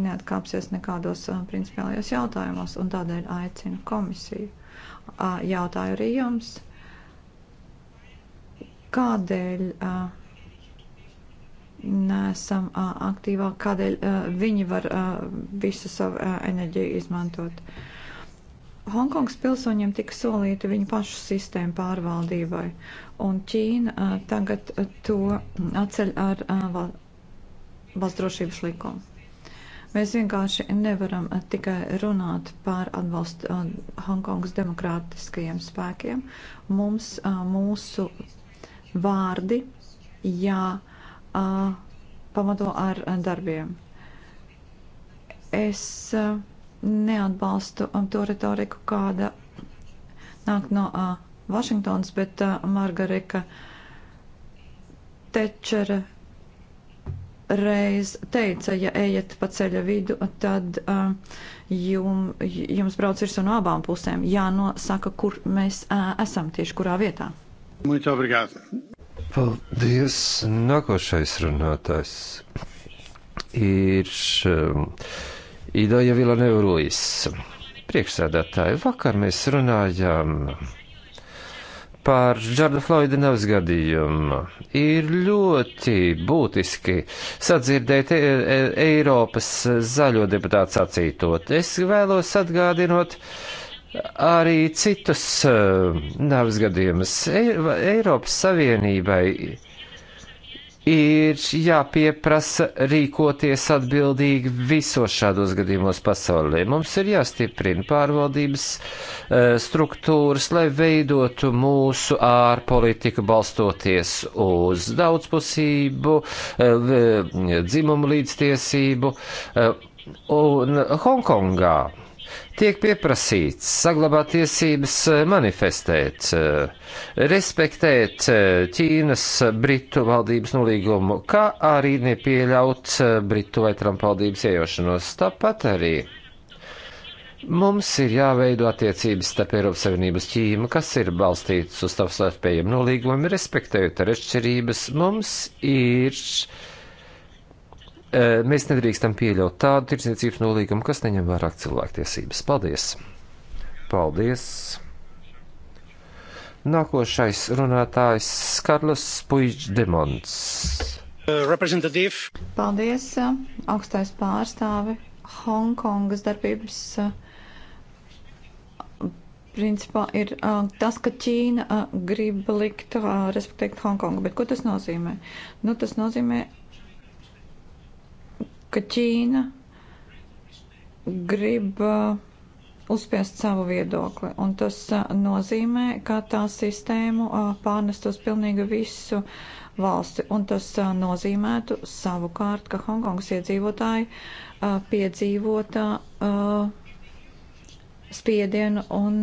neatkāpsies nekādos principiālajos jautājumos, un tādēļ aicinu komisiju. Jautāju arī jums, kādēļ nesam aktīvāk, kādēļ viņi var visu savu enerģiju izmantot. Hongkongas pilsoņiem tika solīta viņu pašu sistēmu pārvaldībai, un Ķīna tagad to atceļ ar valsts drošības likumu. Mēs vienkārši nevaram eh, tikai runāt par atbalstu eh, Hongkongas demokrātiskajiem spēkiem. Mums eh, mūsu vārdi jāpamato ar darbiem. Es neatbalstu to retoriku, kāda nāk no Vašingtonas, bet Margarita Tečera reiz teica, ja ejat pa ceļa vidu, tad uh, jum, jums brauc virsū no abām pusēm. Jānosaka, kur mēs uh, esam, tieši kurā vietā. Muito obrigado. Paldies. Nākošais runātājs ir um, Idaja Vilanev Ruiz. Priekšsēdētāji, vakar mēs runājām par Džarda Floida Nevas gadījumu. Ir ļoti būtiski sadzirdēt e e Eiropas zaļo deputātu sacītot. Es vēlos atgādinot arī citus uh, e, Nevas gadījumus. E Eiropas Savienībai ir jāpieprasa rīkoties atbildīgi visos šādos gadījumos pasaulē. Mums ir jāstiprina pārvaldības eh, struktūras, lai veidotu mūsu ārpolitiku balstoties uz daudzpusību, eh, dzimumu līdztiesību. Eh, un Hongkongā tiek pieprasīts saglabāt tiesības eh, manifestēt, eh, respektēt eh, Ķīnas Britu valdības nolīgumu, kā arī nepieļaut Britu vai Trumpa valdības iejošanos. Tāpat arī Mums ir jāveido attiecības starp Eiropas Savienības ķīmu, kas ir balstītas uz savstarpējiem nolīgumiem, respektējot ar atšķirības. Mums ir uh, Eh, mēs nedrīkstam pieļaut tādu tirdzniecības nolīgumu, kas neņem vairāk cilvēktiesības. Paldies! Paldies! Nākošais runātājs Karlos Puigdemons. Eh, Paldies, eh, augstais pārstāvi Hongkongas darbības. Principā ir uh, tas, ka Ķīna uh, grib likt, uh, respektēt Hongkongu, bet ko tas nozīmē? Nu, tas nozīmē ka Ķīna grib uh, uzspiest savu viedokli, un tas uh, nozīmē, ka tā sistēmu uh, pārnest uz pilnīgi visu valsti, un tas nozīmētu savukārt, ka Hongkongas iedzīvotāji piedzīvotā spiedienu un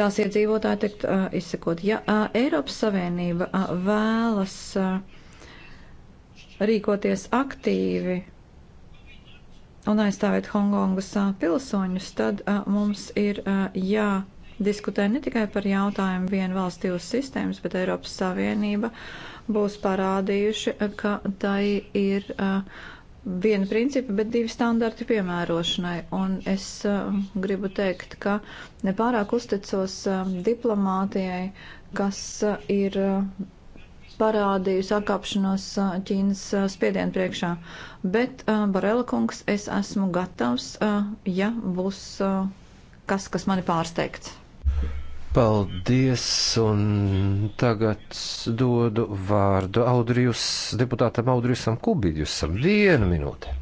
tās iedzīvotāji tikt uh, izsekot. Ja uh, Eiropas Savienība uh, vēlas uh, rīkoties aktīvi un aizstāvēt Hongkongas pilsoņus, tad a, mums ir a, jādiskutē ne tikai par jautājumu vienu valsts divas sistēmas, bet Eiropas Savienība būs parādījuši, ka tai ir a, viena principa, bet divi standarti piemērošanai. Un es gribu teikt, ka nepārāk uzticos diplomātijai, kas ir parādīju sakāpšanos Ķīnas spiedienu priekšā. Bet, Barela kungs, es esmu gatavs, ja būs kas, kas mani pārsteigts. Paldies, un tagad dodu vārdu Audrijus, deputātam Audrijusam Kubīģusam. Vienu minūti.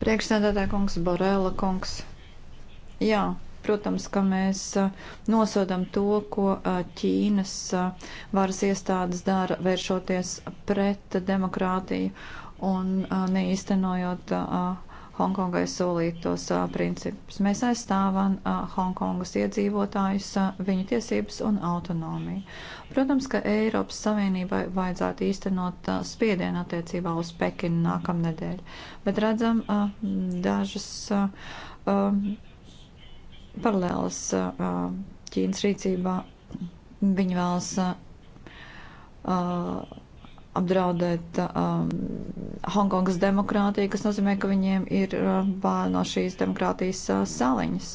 Priekšsēdētāja kungs, Barela kungs. Jā, Protams, ka mēs nosodam to, ko Ķīnas varas iestādes dara, vēršoties pret demokrātiju un neīstenojot Hongkongai solītos principus. Mēs aizstāvam Hongkongas iedzīvotājus, viņu tiesības un autonomiju. Protams, ka Eiropas Savienībai vajadzētu īstenot spiedienu attiecībā uz Pekinu nākamnedēļ, bet redzam dažas paralēlas Ķīnas rīcībā. Viņi vēlas apdraudēt um, Hongkongas demokrātiju, kas nozīmē, ka viņiem ir uh, bail no šīs demokrātijas uh, saliņas.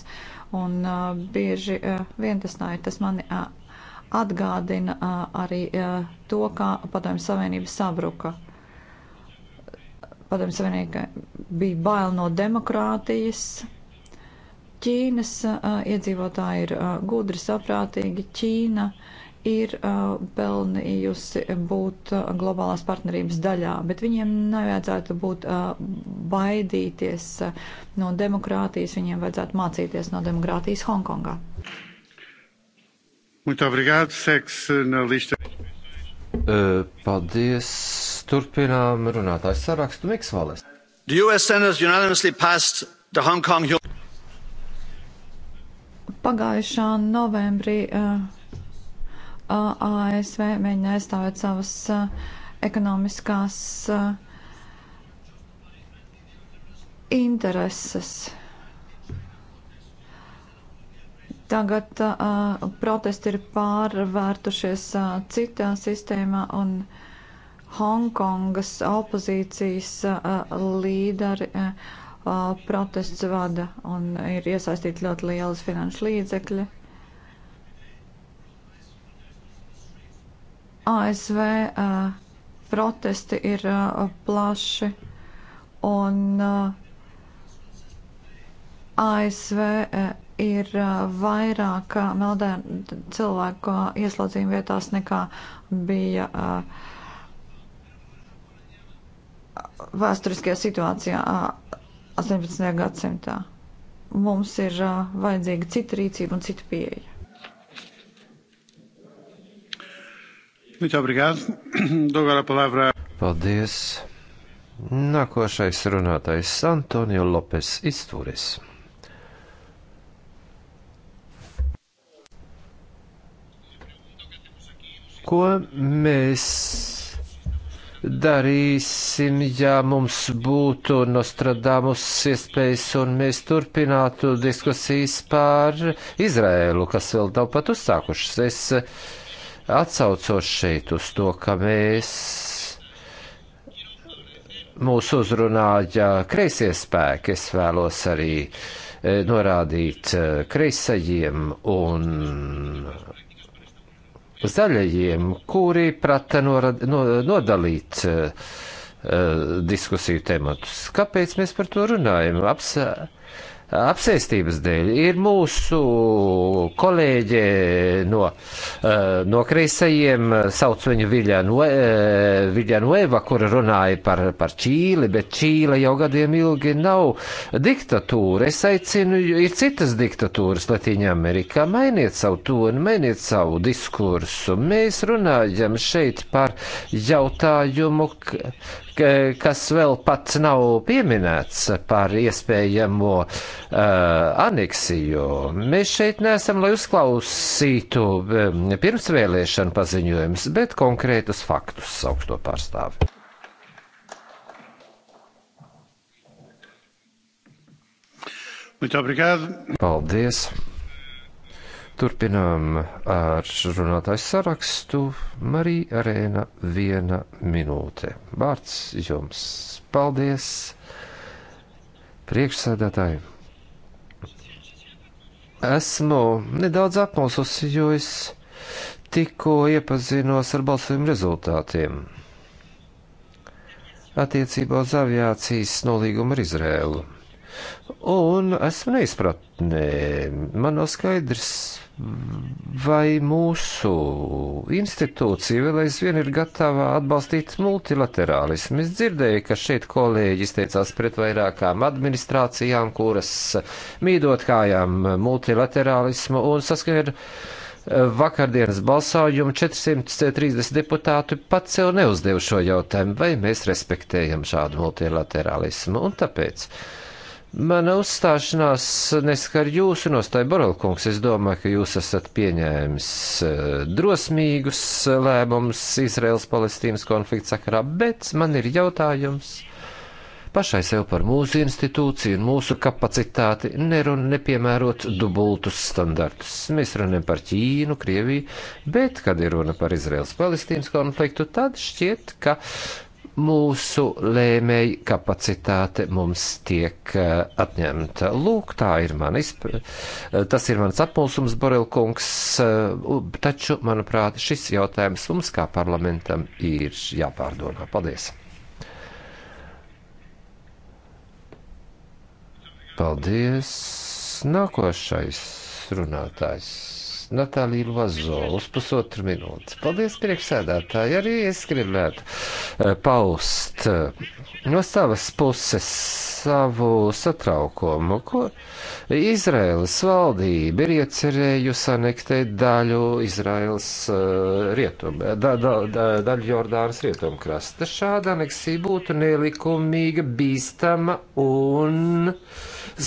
Un uh, bieži uh, vien tas tā ir. Tas mani uh, atgādina uh, arī uh, to, kā Padomju Savienība sabruka. Padomju Savienība bija bail no demokrātijas. Ķīnas uh, iedzīvotāji ir uh, gudri, saprātīgi. Ķīna ir uh, pelnījusi būt uh, globālās partnerības daļā, bet viņiem nevajadzētu būt uh, baidīties uh, no demokrātijas, viņiem vajadzētu mācīties no demokrātijas Hongkongā. Paldies. Turpinām runātājs sarakstu Miks Valis. The US Senate unanimously passed the Hong Kong Pagājušā novembrī ASV eh, mēģināja aizstāvēt savas eh, ekonomiskās eh, intereses. Tagad uh, protesti ir pārvērtušies uh, citā sistēmā, un Hongkongas opozīcijas uh, līderi uh, protests vada un ir iesaistīti ļoti lielas finanšu līdzekļi. ASV uh, protesti ir uh, plaši un uh, ASV uh, ir uh, vairāk uh, meldēnu cilvēku uh, ieslodzījuma vietās nekā bija uh, vēsturiskajā situācijā. Uh, 18. gadsimtā. Mums ir uh, vajadzīga cita rīcība un cita pieeja. Paldies! Nākošais runātais Antonio Lopes Istūris. Ko mēs darīsim, ja mums būtu Nostradamus iespējas un mēs turpinātu diskusijas pār Izrēlu, kas vēl nav pat uzsākušas. Es atsaucos šeit uz to, ka mēs mūs uzrunāja kreisie spēki. Es vēlos arī eh, norādīt eh, kreisajiem un zaļajiem, kuri prata norad, no, nodalīt uh, diskusiju tematus. Kāpēc mēs par to runājam? Apsā apsēstības dēļ ir mūsu kolēģe no, eh, no kreisajiem, sauc viņu e, Viļanueva, kura runāja par, par Čīli, bet Čīla jau gadiem ilgi nav diktatūra. Es aicinu, ir citas diktatūras Latīņā Amerikā, mainiet savu toni, mainiet savu diskursu. Mēs runājam šeit par jautājumu, kas vēl pat nav pieminēts par iespējamo uh, aneksiju. Mēs šeit neesam, lai uzklausītu um, pirmsvēlēšanu paziņojumus, bet konkrētus faktus augsto pārstāvi. Muito obrigado. Paldies. Turpinām ar runātāju sarakstu. Marija Arēna, viena minūte. Vārds jums. Paldies, priekšsēdētāji. Esmu nedaudz apmulsusi, jo es tikko iepazinos ar balsojumu rezultātiem attiecībā uz aviācijas nolīgumu ar Izrēlu. Un esmu neizpratnē. Man nav skaidrs, vai mūsu institūcija vēl aizvien ir gatava atbalstīt multilaterālismu. Es dzirdēju, ka šeit kolēģi izteicās pret vairākām administrācijām, kuras mīdot kājām multilaterālismu un saskaņot eh, vakardienas balsājumu 430 deputāti pat sev neuzdev šo jautājumu, vai mēs respektējam šādu multilaterālismu. Un tāpēc Mana uzstāšanās neskar jūsu nostāju, Borelkungs. Es domāju, ka jūs esat pieņēmis eh, drosmīgus lēmumus Izraels-Palestīnas konflikta sakarā, bet man ir jautājums pašai sev par mūsu institūciju un mūsu kapacitāti nerun nepiemērot dubultus standartus. Mēs runājam par Ķīnu, Krieviju, bet, kad ir runa par Izraels-Palestīnas konfliktu, tad šķiet, ka mūsu lēmēju kapacitāte mums tiek eh, atņemta. Lūk, tā ir mana izp... Eh, tas ir mans apmulsums, Borelkungs, eh, taču, manuprāt, šis jautājums mums kā parlamentam ir jāpārdomā. Paldies! Paldies! Nākošais runātājs. Natālija Lozo uz pusotru minūti. Paldies, priekšsēdētāji. Arī es gribētu eh, paust eh, no savas puses savu satraukumu, ko Izraēlas valdība ir iecerējusi anektēt daļu Izraēlas eh, rietumu, da, da, da, daļu Jordānas rietumkrasta. Šāda aneksija būtu nelikumīga, bīstama un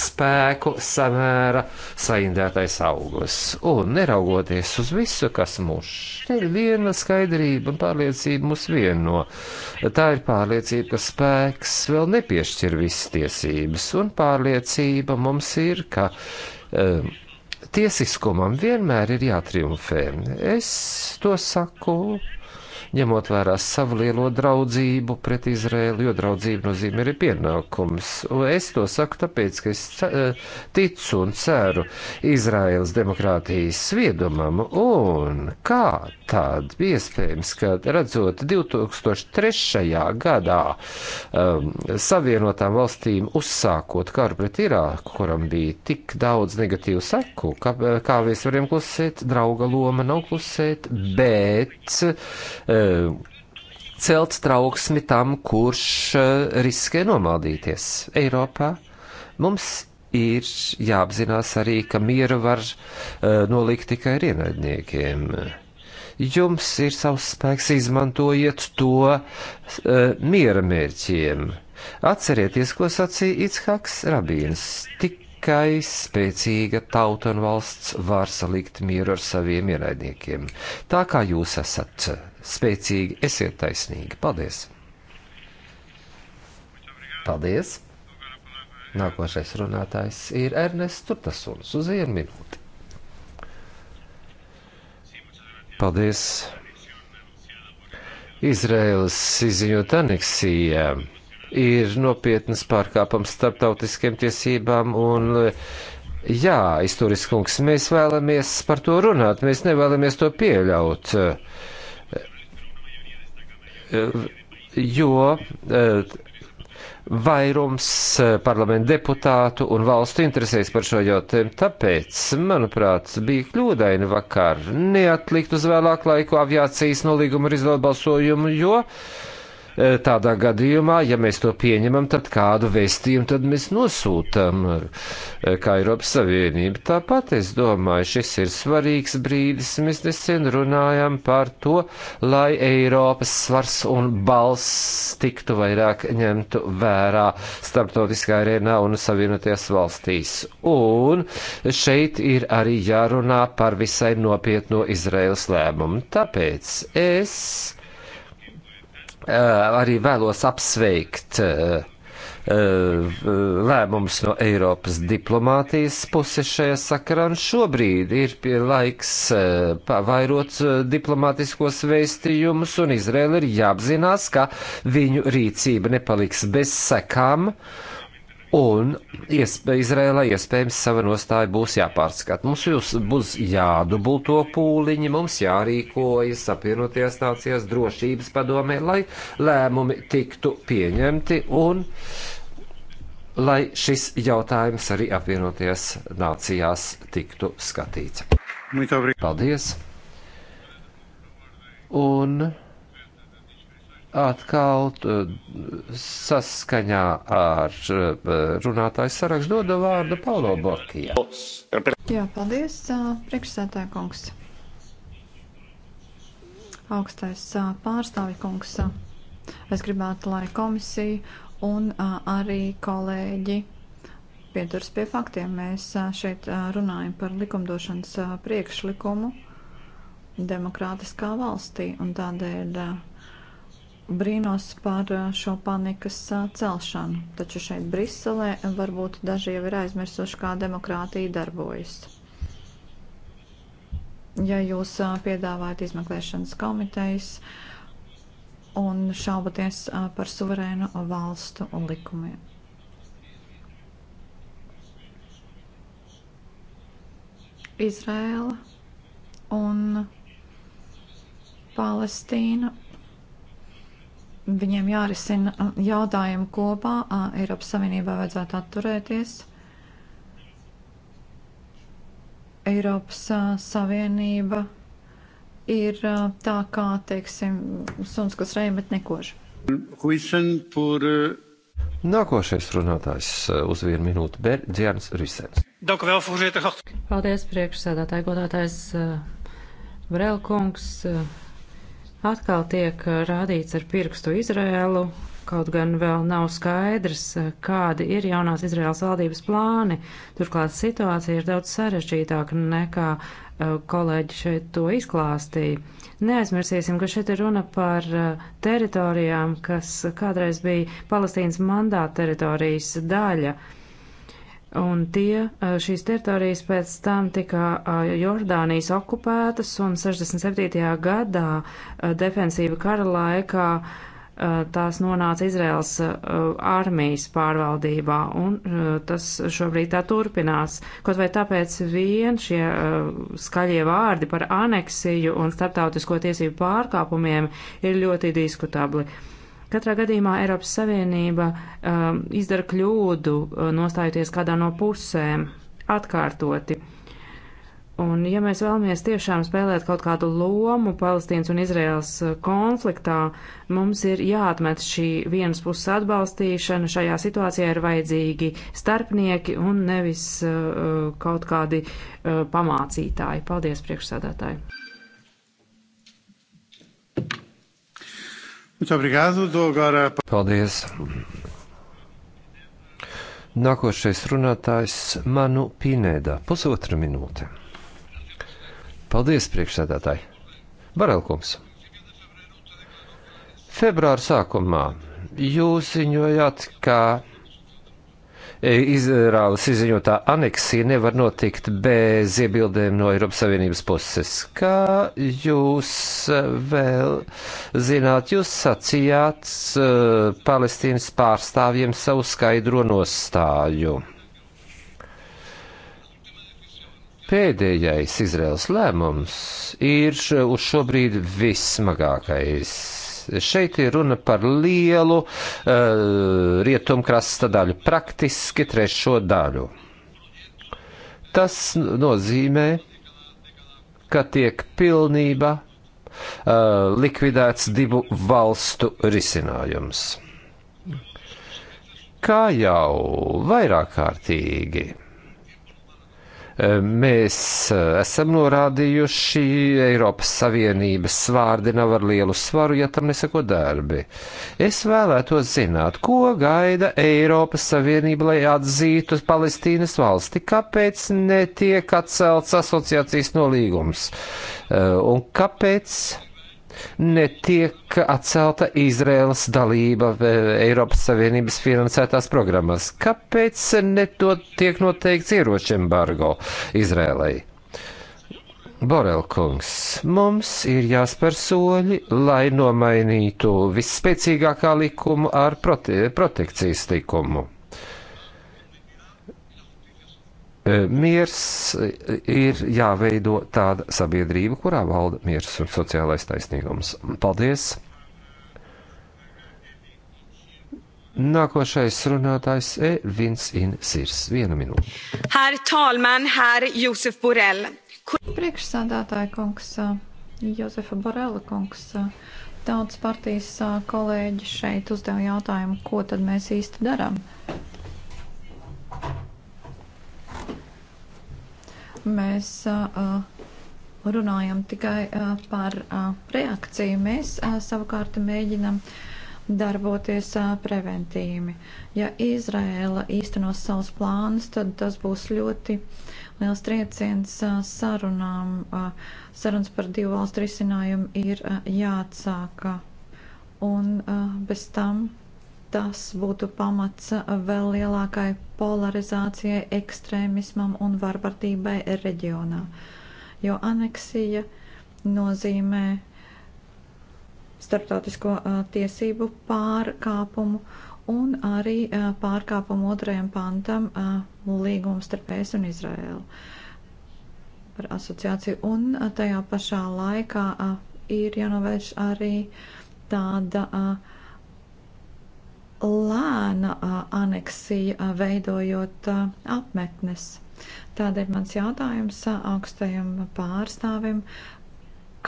spēku samēra saindētais auglis. Un neraugoties uz visu, kas mūs šķir, viena skaidrība un pārliecība mūs vieno. Tā ir pārliecība, ka spēks vēl nepiešķir visas tiesības, un pārliecība mums ir, ka. Um, Tiesiskumam vienmēr ir jātriumfē. Es to saku ņemot vērā savu lielo draudzību pret Izrēlu, jo draudzība nozīmē arī pienākums. Un es to saku tāpēc, ka es e, ticu un ceru Izraēlas demokrātijas sviedumam, un kā tad iespējams, ka redzot 2003. gadā um, savienotām valstīm uzsākot karu pret Irāku, kuram bija tik daudz negatīvu seku, kā, kā mēs varam klusēt, drauga loma nav klusēt, bet uh, Eh, celt trauksmi tam, kurš eh, riskē nomaldīties Eiropā. Mums ir jāapzinās arī, ka mieru var eh, nolikt tikai ienaidniekiem jums ir savs spēks, izmantojiet to uh, miera mērķiem. Atcerieties, ko sacīja Itshaks Rabīns. Tikai spēcīga tauta un valsts var salikt mieru ar saviem ienaidniekiem. Tā kā jūs esat spēcīgi, esiet taisnīgi. Paldies! Paldies! Nākošais runātājs ir Ernests Turtasuns uz vienu minūti. Paldies! Izraels izziņot aneksija ir nopietnas pārkāpums starptautiskiem tiesībām un jā, izturis kungs, mēs vēlamies par to runāt, mēs nevēlamies to pieļaut. Uh, jo eh, vairums eh, parlamenta deputātu un valstu interesēs par šo jautājumu. Tāpēc, manuprāt, bija kļūdaini vakar neatlikt uz vēlāku laiku aviācijas nolīgumu ar izvēlu balsojumu, jo uh, Eh, tādā gadījumā, ja mēs to pieņemam, tad kādu vēstījumu tad mēs nosūtam eh, kā Eiropas Savienība. Tāpat es domāju, šis ir svarīgs brīdis. Mēs nesen runājam par to, lai Eiropas svars un balss tiktu vairāk ņemtu vērā starptautiskā arēnā un savienoties valstīs. Un šeit ir arī jārunā par visai nopietno Izraels lēmumu. Tāpēc es Eh, arī vēlos apsveikt eh, eh, lēmums no Eiropas diplomātijas puses šajā sakarā, un šobrīd ir laiks pavairot diplomātiskos vēstījumus, un Izraela ir jāapzinās, ka viņu rīcība nepaliks bez sekām. Uh, Un iespē, Izrēlai iespējams sava nostāja būs jāpārskat. Mums jūs, būs jādubulto pūliņi, mums jārīkojas apvienotajās nācijās drošības padomē, lai lēmumi tiktu pieņemti un lai šis jautājums arī apvienotajās nācijās tiktu skatīts. Paldies! Un atkal saskaņā ar e, runātāju sarakstu dodu vārdu Paulo Borkijā. Jā, paldies, priekšsētāja kungs. Augstais pārstāvi kungs. Es gribētu, lai komisija un arī kolēģi pieturas pie faktiem. Mēs šeit runājam par likumdošanas priekšlikumu demokrātiskā valstī un tādēļ brīnos par šo panikas celšanu, taču šeit Briselē varbūt daži jau ir aizmirsuši, kā demokrātija darbojas. Ja jūs piedāvājat izmeklēšanas komitejas un šaubaties par suverēnu valstu likumiem. Izrēla un Palestīna Viņiem jārisina uh, jautājumi kopā, uh, Eiropas Savienībā vajadzētu atturēties. Eiropas uh, Savienība ir tā kā, teiksim, suns, kas reja, bet nekož. Nākošais runātājs uz vienu minūtu - Dzjans Risens. Paldies, priekšsēdētāji, godātais Brelkungs. Uh, atkal tiek eh, rādīts ar pirkstu Izrēlu, kaut gan vēl nav skaidrs, eh, kādi ir jaunās Izraels valdības plāni. Turklāt situācija ir daudz sarežģītāka nekā eh, kolēģi šeit to izklāstīja. Neaizmirsīsim, ka šeit ir runa par teritorijām, kas kādreiz bija Palestīnas mandāta teritorijas daļa. Uh, Un tie, šīs teritorijas pēc tam tika Jordānijas okupētas un 67. gadā defensīva kara laikā tās nonāca Izraels armijas pārvaldībā, un tas šobrīd tā turpinās. Kaut vai tāpēc vien šie skaļie vārdi par aneksiju un starptautisko tiesību pārkāpumiem ir ļoti diskutabli. Katrā gadījumā Eiropas Savienība um, izdara kļūdu, uh, nostājoties kādā no pusēm atkārtoti. Un ja mēs vēlamies tiešām spēlēt kaut kādu lomu Palestīnas un Izraels uh, konfliktā, mums ir jāatmet šī vienas puses atbalstīšana. Šajā situācijā ir vajadzīgi starpnieki un nevis uh, uh kaut kādi uh, pamācītāji. Paldies, priekšsādātāji! Paldies! Nākošais runātājs Manu Pinēdā. Pusotra minūte. Paldies, priekšsēdētāji! Barelkungs! Februāra sākumā jūs ziņojāt, ka E, Izrāles izziņotā aneksija nevar notikt bez iebildēm no Eiropas Savienības puses. Kā jūs e, vēl zināt, jūs sacījāt uh, Palestīnas pārstāvjiem savu skaidro nostāju. Pēdējais Izraels lēmums ir uz šobrīd vissmagākais Šeit ir runa par lielu uh, rietumkrasta daļu, praktiski trešo daļu. Tas nozīmē, ka tiek pilnībā uh, eh, likvidēts divu valstu risinājums. Kā jau vairāk kārtīgi Mēs eh, esam norādījuši Eiropas Savienības vārdi nav ar lielu svaru, ja tam nesako darbi. Es vēlētos zināt, ko gaida Eiropas Savienība, lai atzītu Palestīnas valsti, kāpēc netiek atcelts asociācijas nolīgums eh, un kāpēc netiek atcelta Izraels dalība e, Eiropas Savienības finansētās programmas? Kāpēc netiek noteikts ieroču embargo Izrēlai? Borelkungs, mums ir jāspēr soļi, lai nomainītu visspēcīgākā likumu ar prote protekcijas likumu. Miers ir jāveido tāda sabiedrība, kurā valda miers un sociālais taisnīgums. Paldies! Nākošais runātājs ir e Vins Insirs. Viena minūte. Herr Talman, Herr Josef Borel. Kur... Priekšsādātāja kungs, eh, Josefa Borela kungs, daudz eh, partijas eh, kolēģi šeit uzdeva jautājumu, ko tad mēs īsti darām. mēs runājam tikai par reakciju. Mēs savukārt mēģinam darboties preventīvi. Ja Izraela īstenos savus plānus, tad tas būs ļoti liels trieciens sarunām. Sarunas par divu valstu risinājumu ir jāatsāk. Un bez tam tas būtu pamats vēl lielākai polarizācijai, ekstrēmismam un varbartībai reģionā. Jo aneksija nozīmē starptautisko uh, tiesību pārkāpumu un arī uh, pārkāpumu otrajam pantam uh, līgumu starp ES un Izraēlu par asociāciju. Un uh, tajā pašā laikā uh, ir jānovērš arī tāda uh, lēna aneksija, veidojot apmetnes. Tādēļ mans jautājums augstajam pārstāvim,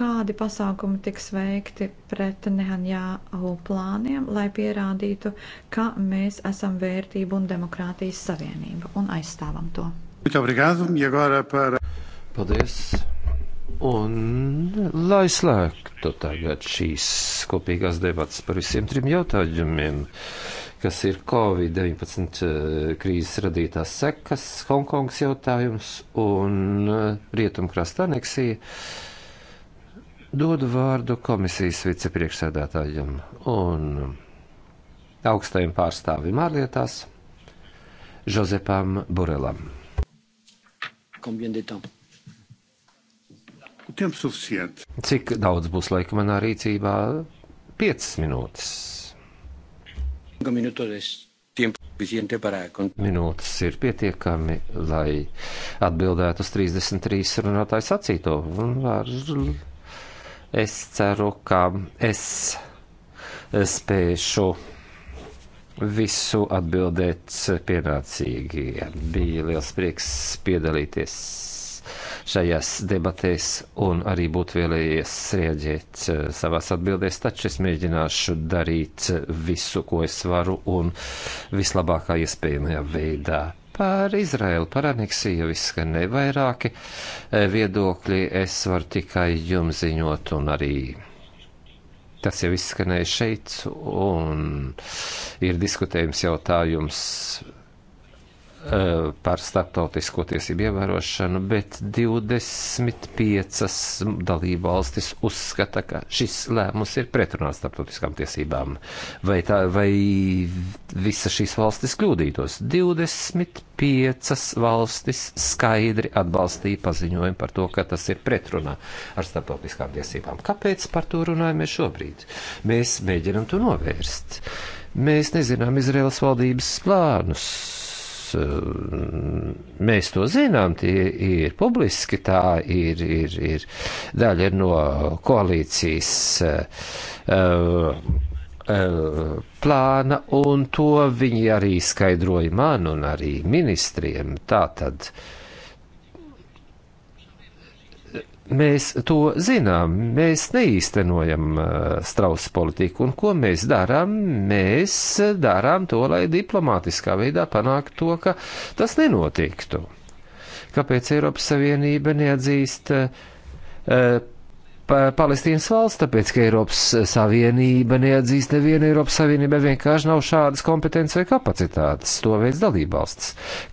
kādi pasākumi tiks veikti pret Nehanjāhu plāniem, lai pierādītu, ka mēs esam vērtību un demokrātijas savienība un aizstāvam to. E Paldies! Un, lai slēgtu tagad šīs kopīgās debatas par visiem trim jautājumiem, kas ir Covid-19 eh, krīzes radītās sekas, Hongkongas jautājums un eh, Rietumkrasta aneksija, dodu vārdu komisijas vicepriekšsēdētājiem un augstajiem pārstāvim ārlietās, Josepam Borelam. Combien de temps? Temps suficiente. Cik daudz būs laika manā rīcībā? 5 minūtes. Minūtes ir pietiekami, lai atbildētu uz 33 runātāju sacīto. Es ceru, ka es spēšu visu atbildēt pienācīgi. Bija liels prieks piedalīties šajās debatēs un arī būtu vēlējies rieģēt eh, savās atbildēs, taču es mēģināšu darīt eh, visu, ko es varu un vislabākā iespējamajā veidā par Izraelu, par aneksiju izskan nevairāki eh, viedokļi. Es varu tikai jums ziņot un arī. Tas jau izskanēja šeit, un ir diskutējums jautājums Eh, par starptautisko tiesību ievērošanu, bet 25 dalību valstis uzskata, ka šis lēmums ir pretrunā starptautiskām tiesībām. Vai, tā, vai visa šīs valstis kļūdītos? 25 valstis skaidri atbalstīja paziņojumu par to, ka tas ir pretrunā ar starptautiskām tiesībām. Kāpēc par to runājamies šobrīd? Mēs mēģinam to novērst. Mēs nezinām Izraels valdības plānus Eh, mēs to zinām, tie ir publiski, tā ir, ir, ir daļa no koalīcijas eh, eh, plāna, un to viņi arī skaidroja man un arī ministriem. Tā tad. Uh, mēs to zinām, mēs neīstenojam uh, strausa politiku, un ko mēs darām? Mēs darām to, lai diplomātiskā veidā panāktu to, ka tas nenotiktu. Kāpēc Eiropas Savienība neatzīst uh, Palestīnas valsts, tāpēc, ka Eiropas Savienība neatzīst nevienu Eiropas Savienību, vienkārši nav šādas kompetences vai kapacitātes. To veids dalībvalsts.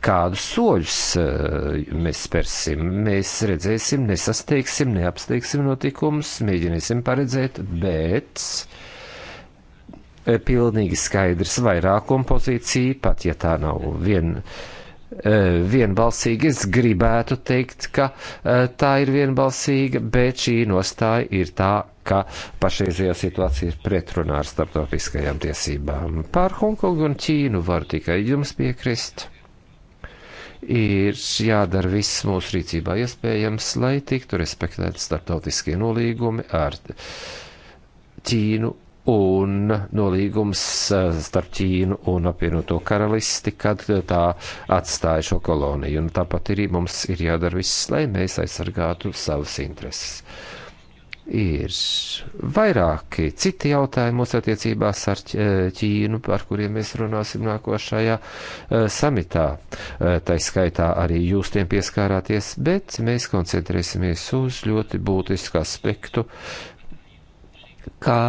Kādus soļus eh, mēs spērsim? Mēs redzēsim, nesasteigsim, neapsteigsim notikumus, mēģināsim paredzēt, bet eh, pilnīgi skaidrs vairākuma pozīcija, pat ja tā nav viena vienbalsīga. Es gribētu teikt, ka tā ir vienbalsīga, bet šī nostāja ir tā, ka pašreizajā situācija ir pretrunā ar starptautiskajām tiesībām. Par Hongkongu un Ķīnu var tikai jums piekrist. Ir jādara viss mūsu rīcībā iespējams, lai tiktu respektēti starptautiskie nolīgumi ar Ķīnu un nolīgums eh, starp Ķīnu un apvienoto karalisti, kad tā atstāja šo koloniju. Un tāpat arī mums ir jādara viss, lai mēs aizsargātu savas intereses. Ir vairāki citi jautājumi mūsu attiecībās ar Ķīnu, par kuriem mēs runāsim nākošajā eh, samitā. Eh, tā skaitā arī jūs tiem pieskārāties, bet mēs koncentrēsimies uz ļoti būtisku aspektu, kā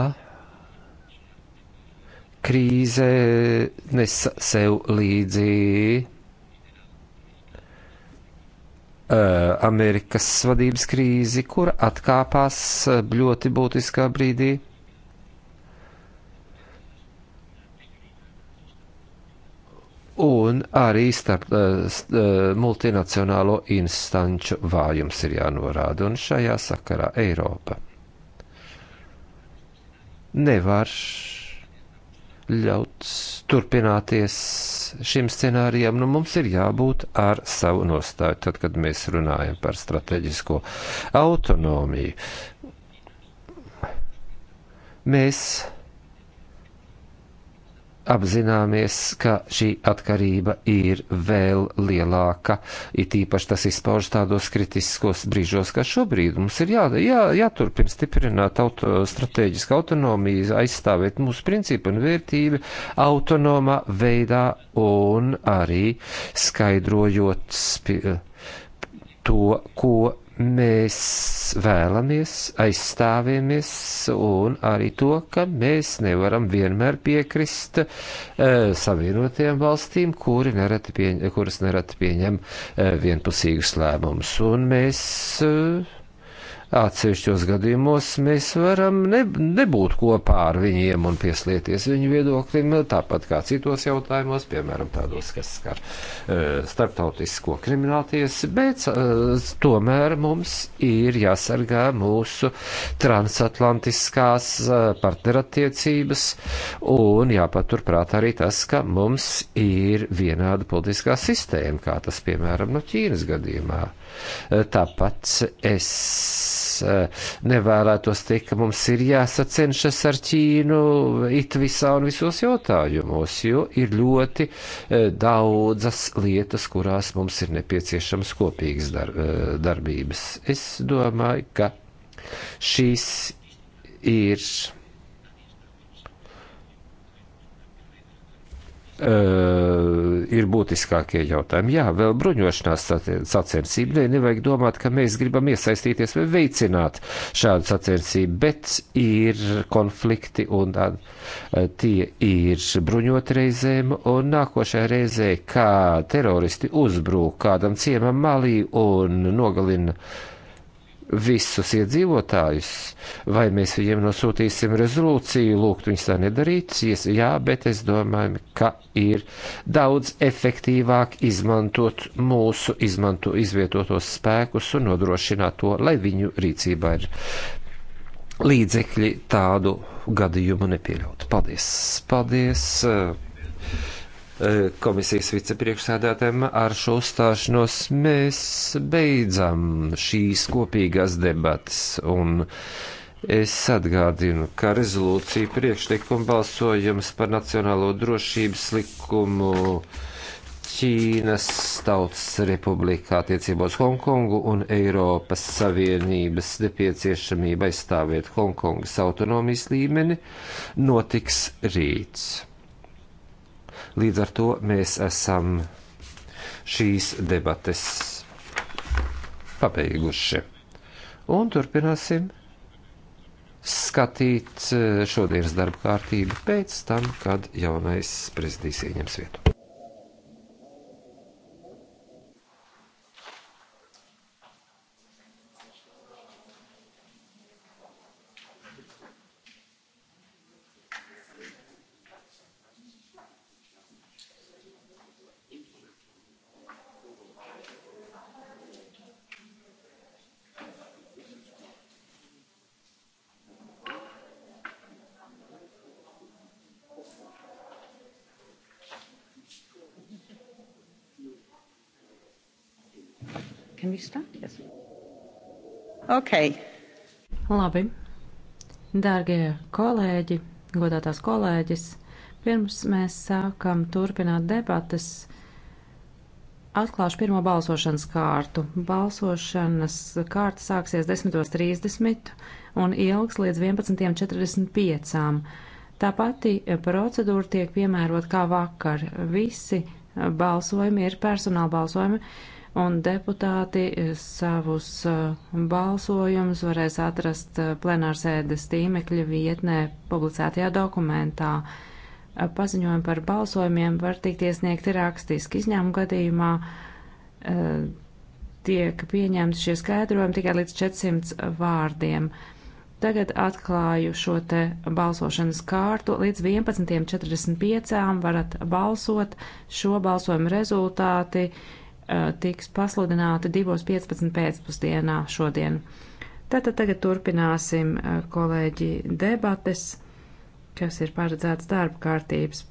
krīze nes sev līdzi uh, Amerikas vadības krīzi, kur atkāpās ļoti būtiskā brīdī. Un arī starp uh, multinacionālo instanču vājums ir jānorāda, un šajā sakarā Eiropa nevar ļaut turpināties šim scenārijam, nu mums ir jābūt ar savu nostāju, tad, kad mēs runājam par strateģisko autonomiju. Mēs apzināmies, ka šī atkarība ir vēl lielāka, it īpaši tas izpaužas tādos kritiskos brīžos, kā šobrīd. Mums ir jā, jā, jāturpina stiprināt auto, strateģisku autonomiju, aizstāvēt mūsu principu un vērtību autonomā veidā un arī skaidrojot to, ko mēs vēlamies, aizstāvamies un arī to, ka mēs nevaram vienmēr piekrist e, savienotajām valstīm, kuri nereti pieņ, kuras nereti pieņem e, vienpusīgus lēmumus. Un mēs e, Atsevišķos gadījumos mēs varam ne, nebūt kopā ar viņiem un pieslieties viņu viedoklim, tāpat kā citos jautājumos, piemēram, tādos, kas skar uh, starptautisko krimināltiesu, bet uh, tomēr mums ir jāsargā mūsu transatlantiskās uh, partnerattiecības un jāpaturprāt arī tas, ka mums ir vienāda politiskā sistēma, kā tas, piemēram, no Ķīnas gadījumā. Tāpat es E, nevēlētos teikt, ka mums ir jāsacenšas ar Ķīnu it visā un visos jautājumos, jo ir ļoti e, daudzas lietas, kurās mums ir nepieciešams kopīgas dar e, darbības. Es domāju, ka šīs ir uh, ir būtiskākie jautājumi. Jā, vēl bruņošanās sacensību dēļ nevajag domāt, ka mēs gribam iesaistīties vai veicināt šādu sacensību, bet ir konflikti un uh, tie ir bruņot reizēm un nākošajā reizē, kā teroristi uzbrūk kādam ciemam malī un nogalina uh, visus iedzīvotājus, vai mēs viņiem nosūtīsim rezolūciju, lūgt viņus tā nedarīt, jā, bet es domāju, ka ir daudz efektīvāk izmantot mūsu izmanto, izvietotos spēkus un nodrošināt to, lai viņu rīcībā ir līdzekļi tādu gadījumu nepieļaut. Paldies! Paldies! komisijas vicepriekšsēdētājiem ar šo uzstāšanos mēs beidzam šīs kopīgās debatas. Un es atgādinu, ka rezolūcija priekšlikuma balsojums par Nacionālo drošības likumu Ķīnas Tautas Republikā attiecībos Hongkongu un Eiropas Savienības nepieciešamība aizstāvēt Hongkongas autonomijas līmeni notiks rīts. Līdz ar to mēs esam šīs debates pabeiguši. Un turpināsim skatīt eh, šodienas darba kārtību pēc tam, kad jaunais prezidijs ieņems vietu. Dārgie kolēģi, godātās kolēģis, pirms mēs sākam turpināt debatas, atklāšu pirmo balsošanas kārtu. Balsošanas kārta sāksies 10.30 un ilgs līdz 11.45. Tā pati procedūra tiek piemērot kā vakar. Visi balsojumi ir personāla balsojumi. Uh, un deputāti savus uh, balsojumus varēs atrast uh, plenārsēdes tīmekļa vietnē publicētajā dokumentā. Uh, paziņojumi par balsojumiem var tikt iesniegti rakstiski. Izņēmuma gadījumā tiek pieņemti šie skaidrojumi tikai līdz 400 vārdiem. Tagad atklāju šo te balsošanas kārtu. Līdz 11.45 varat balsot šo balsojumu rezultāti Eh, tiks pasludināta 2.15 pēcpusdienā šodien. Tātad tagad turpināsim eh, kolēģi debates, kas ir paredzēts darba, kārtības,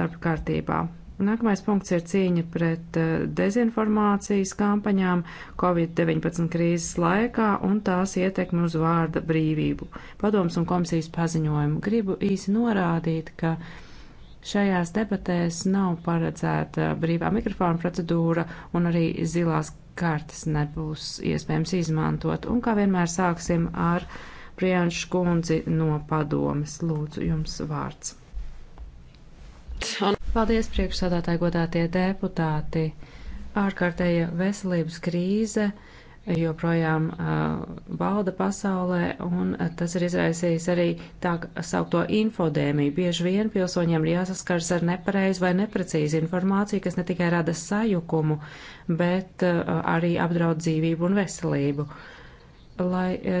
darba kārtībā. Nākamais punkts ir cīņa pret eh, dezinformācijas kampaņām Covid-19 krīzes laikā un tās ietekmi uz vārda brīvību. Padoms un komisijas paziņojumu gribu īsi norādīt, ka uh, Šajās debatēs nav paredzēta brīvā mikrofona procedūra un arī zilās kartas nebūs iespējams izmantot. Un kā vienmēr sāksim ar Prijanšu kundzi no padomes. Lūdzu, jums vārds. Paldies, priekšsādātāji, godātie deputāti. Ārkārtēja veselības krīze joprojām valda pasaulē, un tas ir izraisījis arī tā saukto infodēmiju. Bieži vien pilsoņiem ir jāsaskars ar nepareizu vai neprecīzu informāciju, kas ne tikai rada sajukumu, bet arī apdraud dzīvību un veselību. Uh, lai e,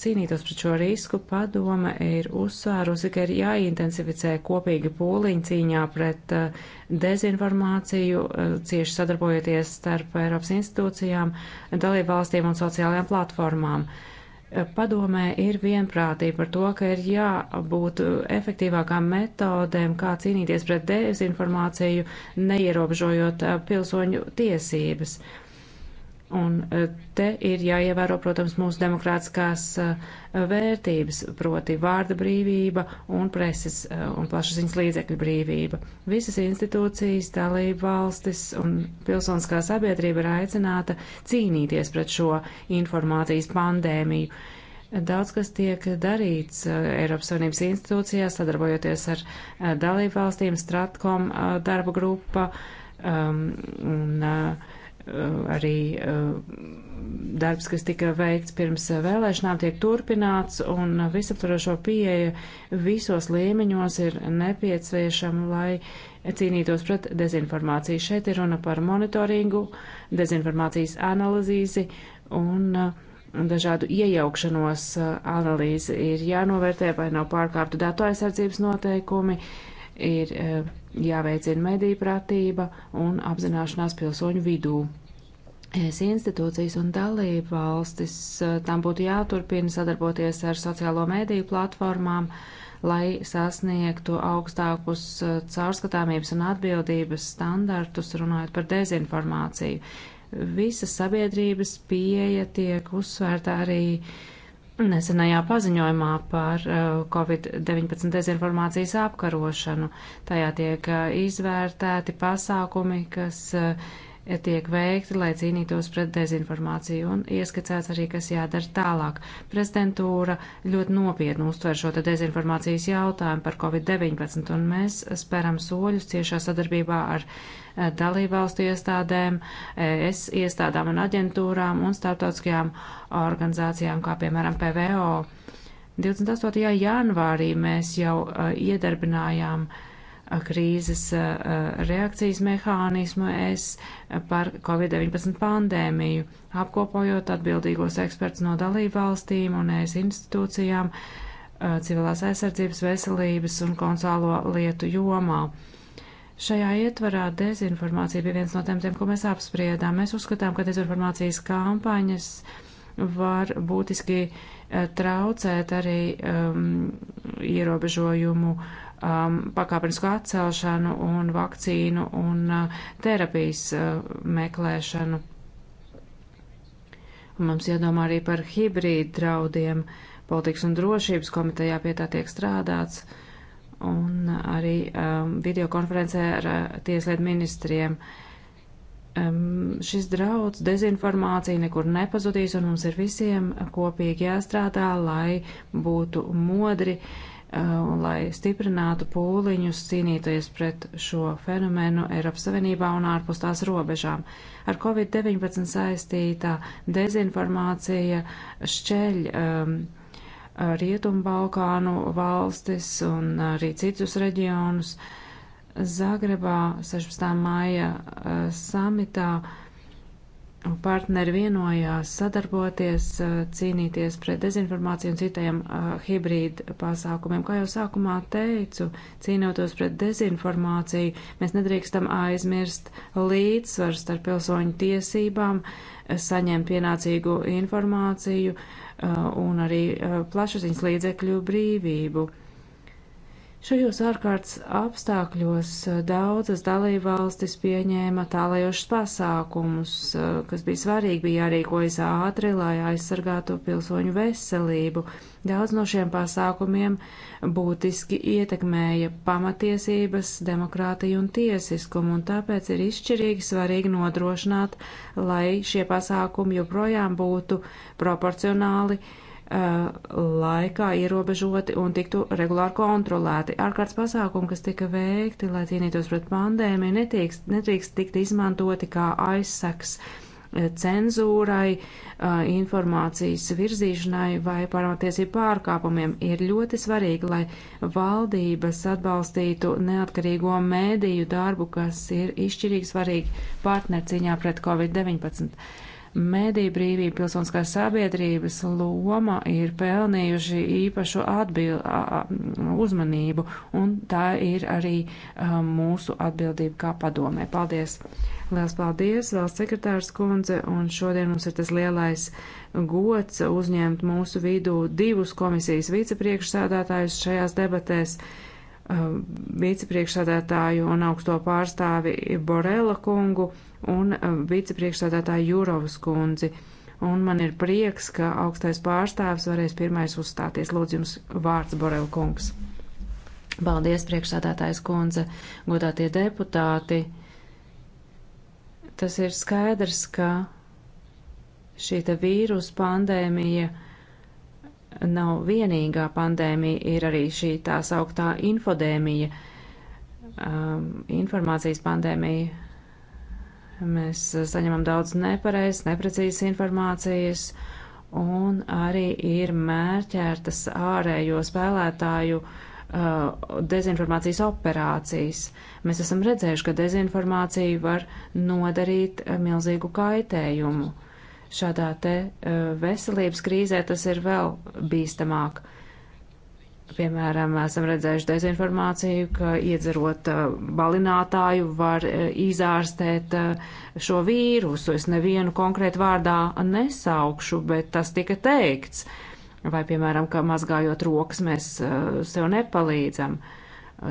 cīnītos pret šo risku, padome ir uzsvērusi, ka ir jāintensificē kopīgi pūliņi cīņā pret e, dezinformāciju, e, cieši sadarbojoties starp Eiropas institūcijām, dalībvalstīm un sociālajām platformām. E, padomē ir vienprātība par to, ka ir jābūt efektīvākām metodēm, kā cīnīties pret dezinformāciju, neierobežojot e, pilsoņu tiesības. E, Un e, te ir jāievēro, protams, mūsu demokrātiskās e, vērtības, proti vārda brīvība un preses e, un plašsaziņas līdzekļu brīvība. Visas institūcijas, dalība valstis un pilsoniskā sabiedrība ir aicināta cīnīties pret šo informācijas pandēmiju. Daudz kas tiek darīts Eiropas Savienības institūcijās, sadarbojoties ar dalību valstīm, Stratkom darba grupa. Um, un, uh, Eh, arī eh, darbs, kas tika veikts pirms eh, vēlēšanām, tiek turpināts, un visaptvarošo pieeja visos līmeņos ir nepieciešama, lai cīnītos pret dezinformāciju. Šeit ir runa par monitoringu, dezinformācijas analīzi un dažādu iejaukšanos analīzi. Ir jānovērtē, vai nav pārkāptu datu aizsardzības noteikumi ir e, jāveicina medīprātība un apzināšanās pilsoņu vidū. Es institūcijas un dalību valstis e, tam būtu jāturpina sadarboties ar sociālo mediju platformām, lai sasniegtu augstākus e, caurskatāmības un atbildības standartus, runājot par dezinformāciju. Visas sabiedrības pieeja tiek uzsvērta arī uh, nesenajā paziņojumā par uh, Covid-19 dezinformācijas apkarošanu. Tajā tiek uh, izvērtēti pasākumi, kas uh, tiek veikti, lai cīnītos pret dezinformāciju un ieskatsēts arī, kas jādara tālāk. Prezidentūra ļoti nopietni uztver šo dezinformācijas jautājumu par Covid-19 un mēs speram soļus ciešā sadarbībā ar eh, dalībvalstu iestādēm, eh, es iestādām un aģentūrām un starptautiskajām organizācijām, kā piemēram PVO. 28. janvārī mēs jau uh, iedarbinājām uh, krīzes reakcijas mehānismu es par COVID-19 pandēmiju, apkopojot atbildīgos eksperts no dalību valstīm un es institūcijām civilās aizsardzības, veselības un konsālo lietu jomā. Šajā ietvarā dezinformācija bija viens no tematiem, ko mēs apspriedām. Mēs uzskatām, ka dezinformācijas kampaņas var būtiski traucēt arī um, ierobežojumu uh, um, pakāpenisku atcelšanu un vakcīnu un uh, terapijas uh, meklēšanu. Un mums jādomā arī par hibrīdu draudiem. Politikas un drošības komitejā pie tā tiek strādāts un arī um, videokonferencē ar uh, tieslietu ministriem. Um, šis drauds, dezinformācija nekur nepazudīs, un mums ir visiem kopīgi jāstrādā, lai būtu modri uh, Uh, un lai stiprinātu pūliņus cīnīties pret šo fenomenu Eiropas Savienībā un ārpus tās robežām. Ar Covid-19 saistītā dezinformācija šķeļ um, Rietumbalkānu valstis un arī citus reģionus. Zagrebā 16. māja uh, samitā uh, partneri vienojās sadarboties, cīnīties pret dezinformāciju un citiem hibrīd pasākumiem. Kā jau sākumā teicu, cīnoties pret dezinformāciju, mēs nedrīkstam aizmirst līdzsvaru starp pilsoņu tiesībām, saņemt pienācīgu informāciju un arī plašsaziņas līdzekļu brīvību. Šajos ārkārtas apstākļos eh, daudzas dalībvalstis pieņēma tālajošas pasākumus, eh, kas bija svarīgi, bija jārīkojas ātri, lai aizsargātu pilsoņu veselību. Daudz no šiem pasākumiem būtiski ietekmēja pamatiesības, demokrātiju un tiesiskumu, un tāpēc ir izšķirīgi svarīgi nodrošināt, lai šie pasākumi joprojām būtu proporcionāli Uh, laikā ierobežoti un tiktu regulāri kontrolēti. Ārkārtas pasākumi, kas tika veikti, lai cīnītos pret pandēmiju, netīkst, netrīkst tikt izmantoti kā aizsaks uh, cenzūrai, uh, informācijas virzīšanai vai pamatiesību pārkāpumiem. Ir ļoti svarīgi, lai valdības atbalstītu neatkarīgo mēdīju darbu, kas ir izšķirīgi svarīgi partnerciņā pret Covid-19 Mēdīja brīvība, pilsoniskās sabiedrības loma ir pelnījuši īpašu atbil, a, uzmanību, un tā ir arī a, mūsu atbildība kā padomē. Paldies! Liels paldies, valsts sekretārs kundze, un šodien mums ir tas lielais gods uzņemt mūsu vidū divus komisijas vicepriekšsādātājus šajās debatēs. Um, vicepriekšsādātāju un augsto pārstāvi Borela kungu un um, vicepriekšsādātāju Jūrovas kundzi. Un man ir prieks, ka augstais pārstāvis varēs pirmais uzstāties. Lūdzu, jums vārds Borela kungs. Paldies, priekšsādātājs kundze, godātie deputāti. Tas ir skaidrs, ka šī vīrusu pandēmija nav vienīgā pandēmija, ir arī šī tā sauktā infodēmija, um, informācijas pandēmija. Mēs saņemam daudz nepareizas, neprecīzas informācijas, un arī ir mērķērtas ārējo spēlētāju uh, dezinformācijas operācijas. Mēs esam redzējuši, ka dezinformācija var nodarīt uh, milzīgu kaitējumu. Uh, šādā te e, veselības krīzē tas ir vēl bīstamāk. Piemēram, esam redzējuši dezinformāciju, ka iedzerot e, balinātāju var e, izārstēt šo vīrusu. Es nevienu konkrētu vārdā nesaukšu, bet tas tika teikts. Vai, piemēram, ka mazgājot rokas mēs sev nepalīdzam. Uh,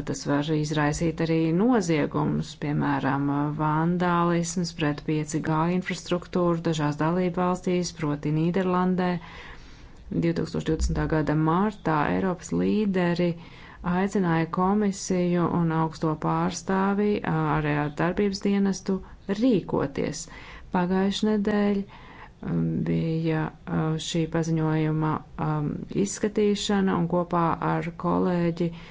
Tas var izraisīt arī noziegumus, piemēram, vandālisms pret 5G infrastruktūru dažās dalību valstīs, proti Nīderlandē. 2020. gada martā Eiropas līderi aicināja komisiju un augsto pārstāvi arī ar darbības dienestu rīkoties. Pagājuši nedēļ um, bija šī paziņojuma um, izskatīšana un kopā ar kolēģi uh,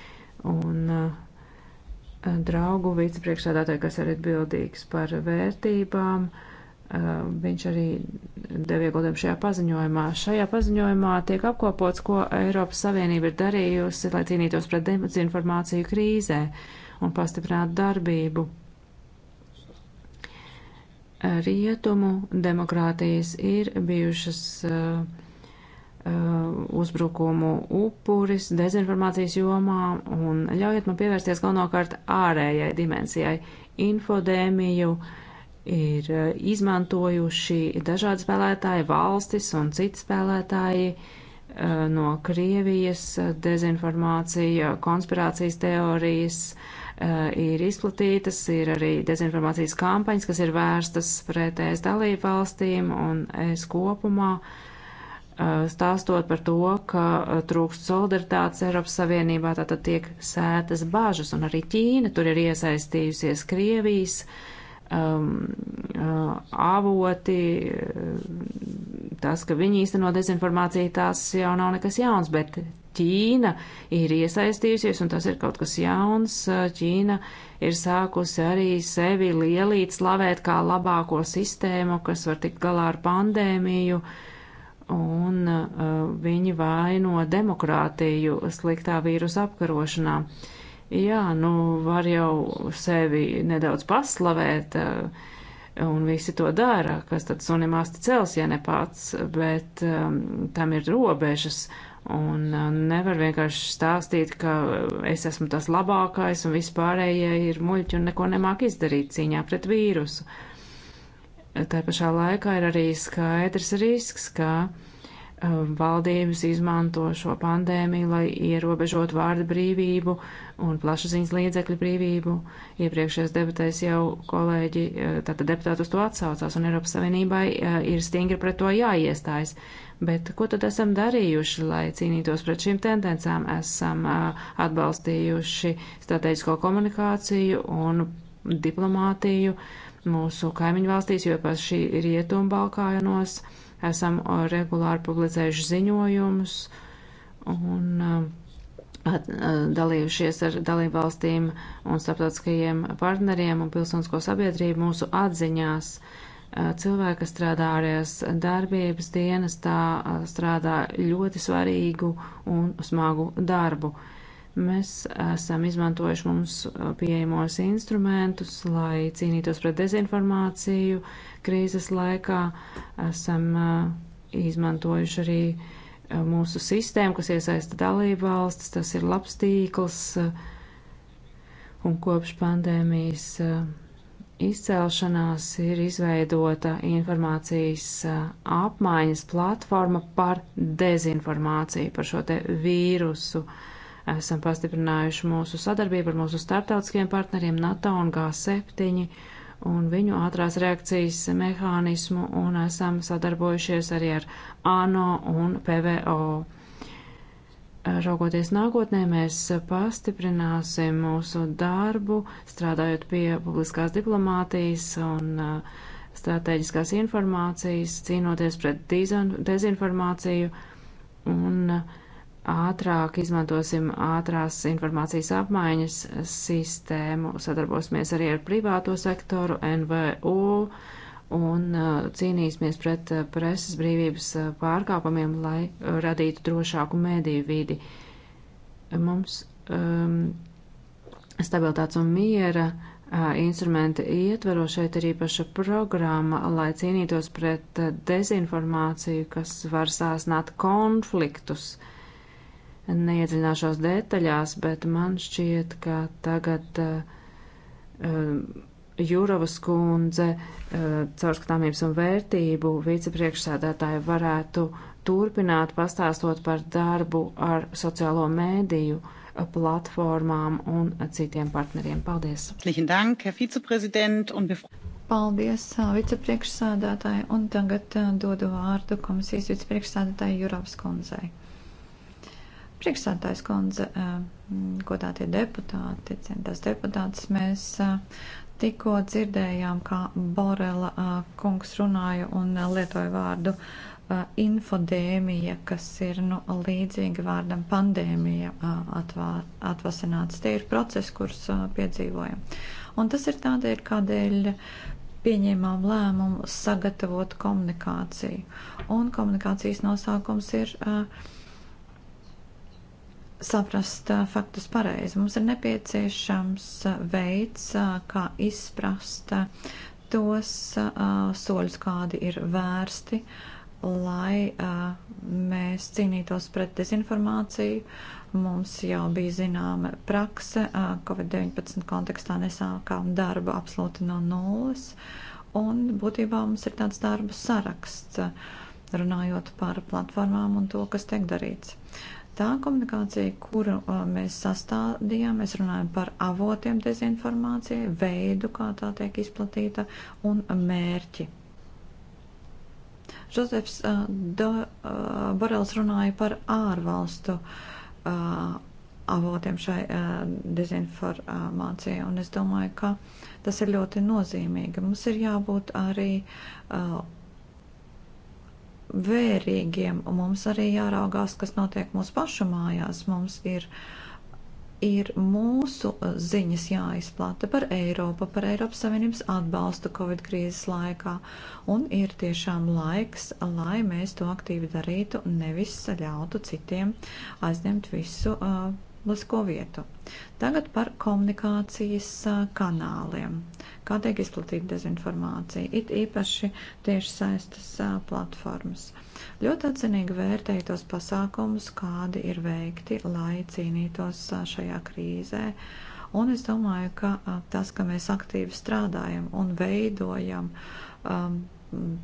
un eh, draugu vicepriekšsādātāju, kas ir atbildīgs par vērtībām. Eh, viņš arī devu ieguldījumu šajā paziņojumā. Šajā paziņojumā tiek apkopots, ko Eiropas Savienība ir darījusi, lai cīnītos pret dezinformāciju krīzē un pastiprinātu darbību. Rietumu demokrātijas ir bijušas uh, Uh, uzbrukumu upuris dezinformācijas jomā un ļaujiet man pievērsties galvenokārt ārējai dimensijai. Infodēmiju ir uh, izmantojuši dažādi spēlētāji, valstis un citi spēlētāji uh, no Krievijas dezinformācija, konspirācijas teorijas ir izplatītas, ir arī dezinformācijas kampaņas, kas ir vērstas pret es dalību valstīm un es kopumā. Uh, Eh, stāstot par to, ka eh, trūkst solidaritātes Eiropas Savienībā, tātad tiek sētas bāžas, un arī Ķīna tur ir iesaistījusies Krievijas um, avoti, tas, ka viņi īsteno dezinformāciju, tās jau nav nekas jauns, bet Ķīna ir iesaistījusies, un tas ir kaut kas jauns. Ķīna ir sākusi arī sevi lielīt, slavēt kā labāko sistēmu, kas var tikt galā ar pandēmiju. Uh, un uh, viņi vaino demokrātiju sliktā vīrusa apkarošanā. Jā, nu var jau sevi nedaudz paslavēt, uh, un visi to dara, kas tad sunim asti cels, ja ne pats, bet um, tam ir robežas, un uh, nevar vienkārši stāstīt, ka es esmu tas labākais, un vispārējie ir muļķi un neko nemāk izdarīt cīņā pret vīrusu. Uh, tā pašā laikā ir arī skaidrs risks, ka um, valdības izmanto šo pandēmiju, lai ierobežotu vārda brīvību un plašsaziņas līdzekļu brīvību. Iepriekšējās debatēs jau kolēģi, uh, tātad deputāti uz to atsaucās, un Eiropas Savienībai uh, ir stingri pret to jāiestājas. Bet ko tad esam darījuši, lai cīnītos pret šīm tendencām? Esam uh, atbalstījuši strateģisko komunikāciju un diplomātiju. Uh, mūsu kaimiņu valstīs, jo paši Rietumbalkānos esam regulāri publicējuši ziņojumus un um, at, uh, dalījušies ar dalību valstīm un starptautiskajiem partneriem un pilsonisko sabiedrību mūsu atziņās. Uh, cilvēki, kas strādā ārējās darbības dienas, tā uh, strādā ļoti svarīgu un smagu darbu. Uh, Mēs esam izmantojuši mums uh, pieejamos instrumentus, lai cīnītos pret dezinformāciju krīzes laikā. Esam uh, izmantojuši arī uh, mūsu sistēmu, kas iesaista dalību valstis. Tas ir labs tīkls un kopš pandēmijas izcelšanās ir izveidota informācijas apmaiņas platforma par dezinformāciju, par šo te vīrusu. Uh, Esam pastiprinājuši mūsu sadarbību ar mūsu starptautiskiem partneriem NATO un G7 un viņu ātrās reakcijas mehānismu un esam sadarbojušies arī ar ANO un PVO. Raugoties nākotnē, mēs pastiprināsim mūsu darbu, strādājot pie publiskās diplomātijas un uh, stratēģiskās informācijas, cīnoties pret dezinformāciju un uh, ātrāk izmantosim ātrās informācijas apmaiņas sistēmu, sadarbosimies arī ar privāto sektoru, NVO un uh, cīnīsimies pret uh, preses brīvības uh, pārkāpumiem, lai radītu drošāku mēdīju vidi. Mums um, stabilitātes un miera instrumenti ietvero šeit arī paša programma, lai cīnītos pret dezinformāciju, kas var sāsnāt konfliktus. Uh, Neiedzināšos detaļās, bet man šķiet, ka tagad uh, Jurovas kundze uh, caurskatāmības un vērtību vicepriekšsēdētāja varētu turpināt pastāstot par darbu ar sociālo mēdīju platformām un citiem partneriem. Paldies! Paldies, vicepriekšsādātāji, un tagad dodu vārdu komisijas vicepriekšsādātāji Jurovas kundzei. Priekšsētājs kundze, godātie eh, mm, deputāti, cienītās deputātas, mēs eh, tikko dzirdējām, kā Borela eh, kungs runāja un lietoja vārdu infodēmija, kas ir nu, līdzīga vārdam pandēmija atvār, atvasināts. Tie ir procesi, kurus piedzīvojam. Un tas ir tādēļ, kādēļ pieņēmām lēmumu sagatavot komunikāciju. Un komunikācijas nosaukums ir uh, saprast faktus pareizi. Mums ir nepieciešams veids, kā izprast tos soļus, kādi ir vērsti, lai mēs cīnītos pret dezinformāciju. Mums jau bija zināma prakse, Covid-19 kontekstā nesākām darbu absolūti no nulles, un būtībā mums ir tāds darba saraksts, runājot par platformām un to, kas tiek darīts Tā komunikācija, kuru mēs sastādījām, mēs runājam par avotiem dezinformācijai, veidu, kā tā tiek izplatīta un mērķi. Žozefs Borels runāja par ārvalstu avotiem šai dezinformācijai, un es domāju, ka tas ir ļoti nozīmīgi. Mums ir jābūt arī vērīgiem, un mums arī jāraugās, kas notiek mūsu pašu mājās. Mums ir, ir mūsu uh, ziņas jāizplata par Eiropu, par Eiropas Savienības atbalstu Covid krīzes laikā, un ir tiešām laiks, lai mēs to aktīvi darītu, nevis ļautu citiem aizņemt visu uh, publisko vietu. Tagad par komunikācijas kanāliem. Kā tiek izplatīta dezinformācija, it īpaši tieši saistas platformas. Ļoti atzinīgi vērtēju tos pasākumus, kādi ir veikti, lai cīnītos šajā krīzē. Un es domāju, ka tas, ka mēs aktīvi strādājam un veidojam um,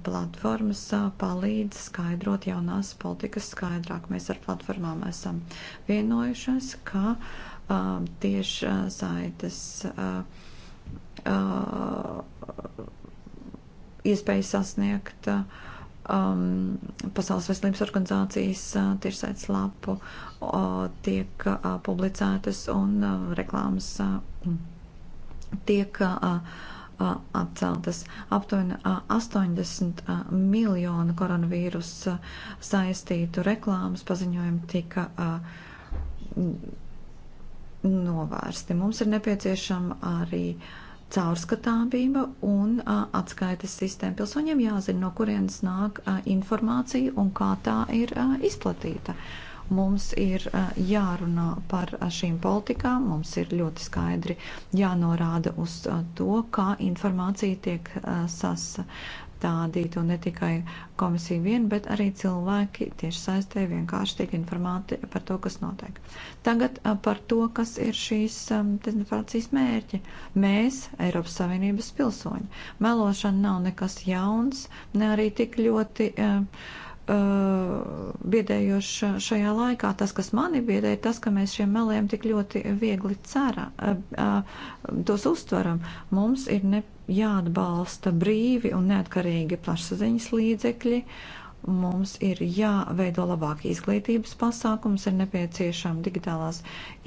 platformas palīdz skaidrot jaunās politikas skaidrāk. Mēs ar platformām esam vienojušies, ka uh, tieši uh, saites uh, iespēja sasniegt um, Pasaules veselības organizācijas tiešsaites lapu tiek publicētas un reklāmas tiek uh, atceltas. Aptuveni 80 miljonu koronavīrus saistītu reklāmas paziņojumu tika novērsti. Mums ir nepieciešama arī caurskatāmība un atskaites sistēma. Pilsoņiem jāzina, no kurienes nāk informācija un kā tā ir izplatīta. Mums ir eh, jārunā par eh, šīm politikām, mums ir ļoti skaidri jānorāda uz eh, to, kā informācija tiek sastādīta un ne tikai komisija vien, bet arī cilvēki tieši saistē vienkārši tiek informēti par to, kas notiek. Tagad par to, kas ir šīs dezinformācijas mērķi. Mēs, Eiropas Savienības pilsoņi, melošana nav nekas jauns, ne arī tik ļoti. Uh, uh, biedējoši šajā laikā. Tas, kas mani biedē, ir tas, ka mēs šiem meliem tik ļoti viegli cera, uh, uh, tos uztveram. Mums ir ne, jāatbalsta brīvi un neatkarīgi plašsaziņas līdzekļi. Mums ir jāveido labāk izglītības pasākums, ir nepieciešama digitālās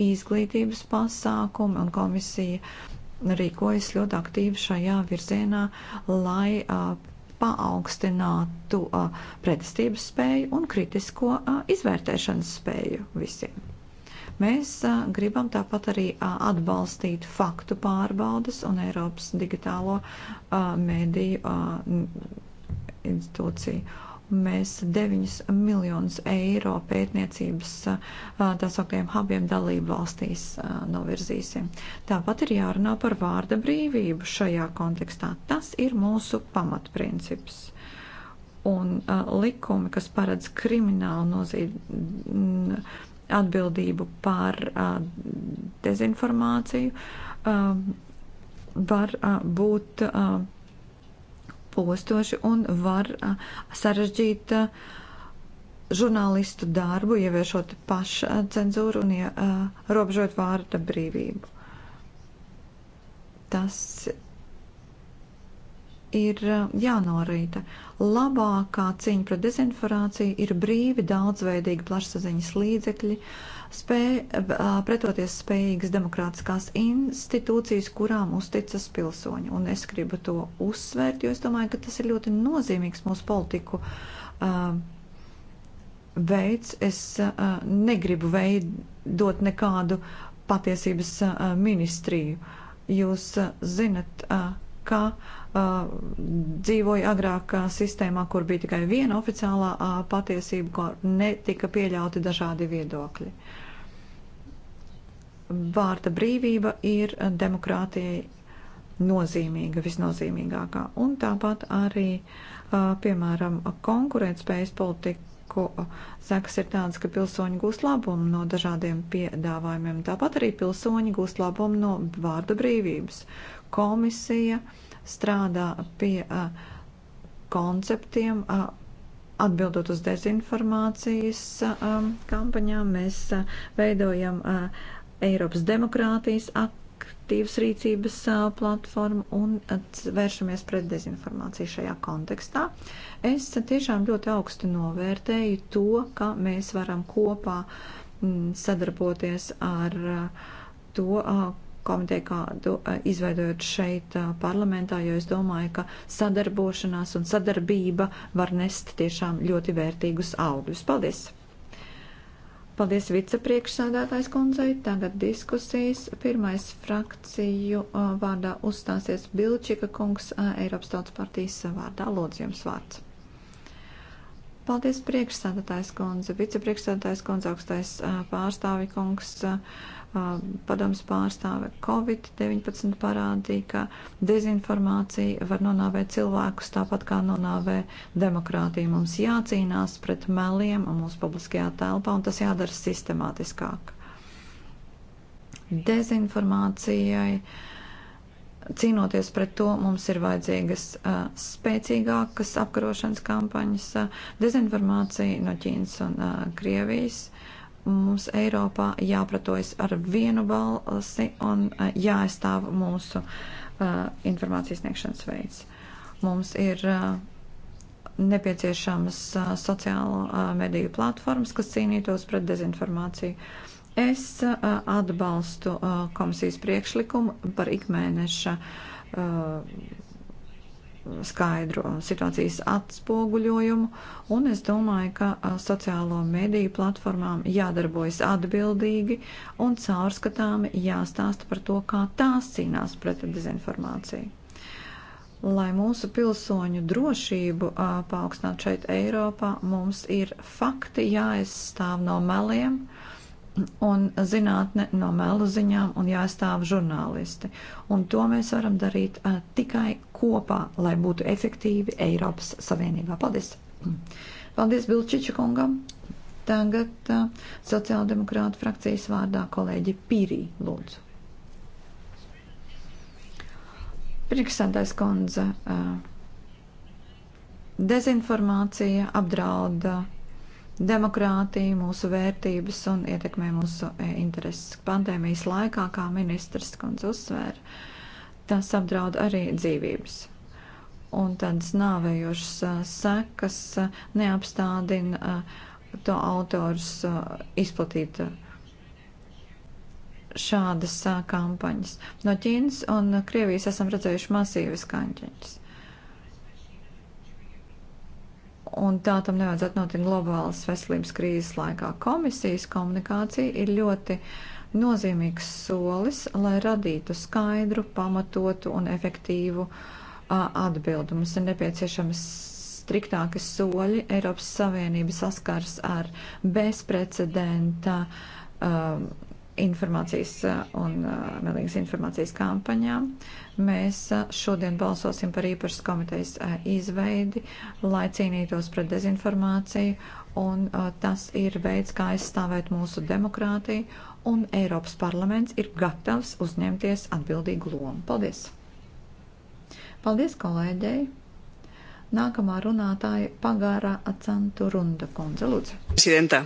izglītības pasākumi un komisija rīkojas ļoti aktīvi šajā virzienā, lai uh, paaugstinātu pretestības spēju un kritisko izvērtēšanas spēju visiem. Mēs gribam tāpat arī atbalstīt faktu pārbaudas un Eiropas digitālo mediju institūciju. Mēs 9 miljonus eiro pētniecības tā sauktiem hubiem dalību valstīs novirzīsim. Tāpat ir jārunā par vārda brīvību šajā kontekstā. Tas ir mūsu pamatprincips. Un likumi, kas paredz kriminālu nozīmi atbildību par dezinformāciju, var būt postoši un var sarežģīt žurnālistu darbu, ieviešot pašcenzūru un ierobežot vārda brīvību. Tas ir jānorīta. Labākā cīņa pret dezinformāciju ir brīvi, daudzveidīgi plašsaziņas līdzekļi. Uh, spēj, pretoties spējīgas demokrātiskās institūcijas, kurām uzticas pilsoņi. Un es gribu to uzsvērt, jo es domāju, ka tas ir ļoti nozīmīgs mūsu politiku uh, veids. Es uh, negribu veidot nekādu patiesības uh, ministriju. Jūs zinat, ka dzīvoja agrāk sistēmā, kur bija tikai viena oficiālā patiesība, kur netika pieļauti dažādi viedokļi. Uh, vārda brīvība ir demokrātijai nozīmīga, visnozīmīgākā. Un tāpat arī, piemēram, konkurētspējas politiku sekas ir tādas, ka pilsoņi gūst labumu no dažādiem piedāvājumiem. Tāpat arī pilsoņi gūst labumu no vārda brīvības. Komisija strādā pie konceptiem, atbildot uz dezinformācijas kampaņām. Mēs veidojam Eiropas demokrātijas aktīvas rīcības platformu un vēršamies pret dezinformāciju šajā kontekstā. Es tiešām ļoti augstu novērtēju to, ka mēs varam kopā sadarboties ar to komiteju, kādu izveidojot šeit parlamentā, jo es domāju, ka sadarbošanās un sadarbība var nest tiešām ļoti vērtīgus augļus. Paldies! Paldies vicepriekšsādātājs kundzei. Tagad diskusijas. Pirmais frakciju vārdā uzstāsies Bilčika kungs Eiropas tautas partijas vārdā. Lūdzu, jums vārds. Paldies priekšsādātājs kundze, vicepriekšsādātājs kundze, augstais pārstāvi kungs, padoms pārstāve Covid-19 parādīja, ka dezinformācija var nonāvēt cilvēkus tāpat kā nonāvē demokrātiju. Mums jācīnās pret meliem mūsu publiskajā telpā, un tas jādara sistemātiskāk. Dezinformācijai cīnoties pret to, mums ir vajadzīgas uh, spēcīgākas apkarošanas kampaņas. Uh, dezinformācija no Ķīnas un uh, Krievijas mums Eiropā jāpratojas ar vienu balsi un eh, jāaizstāv mūsu eh, informācijas sniegšanas veids. Mums ir eh, nepieciešamas sociālo mediju platformas, kas cīnītos pret dezinformāciju. Es atbalstu komisijas priekšlikumu par ikmēneša skaidru situācijas atspoguļojumu, un es domāju, ka sociālo mediju platformām jādarbojas atbildīgi un caurskatāmi jāstāsta par to, kā tās cīnās pret dezinformāciju. Lai mūsu pilsoņu drošību paaugstinātu šeit Eiropā, mums ir fakti jāaizstāv no meliem un zinātne no melu ziņām un jāstāv žurnālisti. Un to mēs varam darīt uh, tikai kopā, lai būtu efektīvi Eiropas Savienībā. Paldies! Paldies Bilčiča kungam! Tagad uh, sociāldemokrāta frakcijas vārdā kolēģi Pīrī lūdzu. Priekšsēdājs kundze, uh, dezinformācija apdrauda demokrātiju, mūsu vērtības un ietekmē mūsu e, intereses. Pandēmijas laikā, kā ministrs kundze uzsvēra, tas apdraud arī dzīvības. Un tādas nāvējošas e, sekas e, neapstādina to autors izplatīt šādas kampaņas. No Ķīnas un Krievijas esam redzējuši masīvas kampaņas un tā tam nevajadzētu notikt globālas veselības krīzes laikā. Komisijas komunikācija ir ļoti nozīmīgs solis, lai radītu skaidru, pamatotu un efektīvu atbildi. Mums ir nepieciešams striktāki soļi. Eiropas Savienība saskars ar bezprecedenta. Um, informācijas eh, un melīgas eh, informācijas kampaņām. Mēs eh, šodien balsosim par īpašas komitejas izveidi, lai cīnītos pret dezinformāciju, un tas ir veids, kā aizstāvēt mūsu demokrātiju, un Eiropas parlaments ir gatavs uzņemties atbildīgu lomu. Paldies! Paldies kolēģei! Nākamā runātāja Pagāra Acantu Runda kundze, lūdzu. Presidenta.